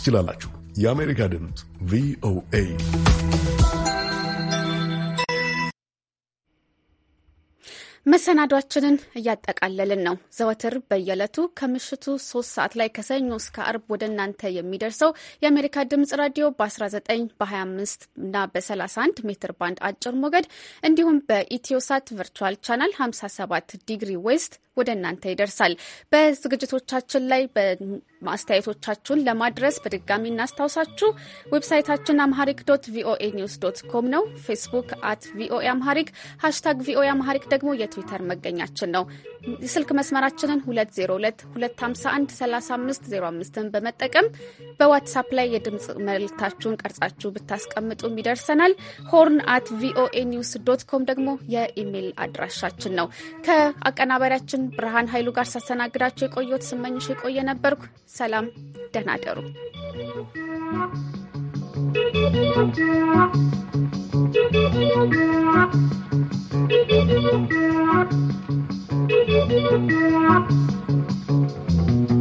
ትችላላችሁ። የአሜሪካ ድምፅ ቪኦኤ መሰናዷችንን እያጠቃለልን ነው። ዘወትር በየዕለቱ ከምሽቱ ሶስት ሰዓት ላይ ከሰኞ እስከ አርብ ወደ እናንተ የሚደርሰው የአሜሪካ ድምጽ ራዲዮ በ19 በ25 እና በ31 ሜትር ባንድ አጭር ሞገድ እንዲሁም በኢትዮሳት ቨርቹዋል ቻናል 57 ዲግሪ ዌስት ወደ እናንተ ይደርሳል። በዝግጅቶቻችን ላይ አስተያየቶቻችሁን ለማድረስ በድጋሚ እናስታውሳችሁ። ዌብሳይታችን አምሃሪክ ዶት ቪኦኤ ኒውስ ዶት ኮም ነው። ፌስቡክ አት ቪኦኤ አምሃሪክ፣ ሃሽታግ ቪኦኤ አምሃሪክ ደግሞ የትዊተር መገኛችን ነው። ስልክ መስመራችንን 2022513505ን በመጠቀም በዋትሳፕ ላይ የድምፅ መልእክታችሁን ቀርጻችሁ ብታስቀምጡም ይደርሰናል። ሆርን አት ቪኦኤ ኒውስ ዶት ኮም ደግሞ የኢሜይል አድራሻችን ነው። ከአቀናባሪያችን ብርሃን ኃይሉ ጋር ሳስተናግዳቸው የቆየሁት ስመኝሽ የቆየ ነበርኩ። ሰላም፣ ደህና ደሩ።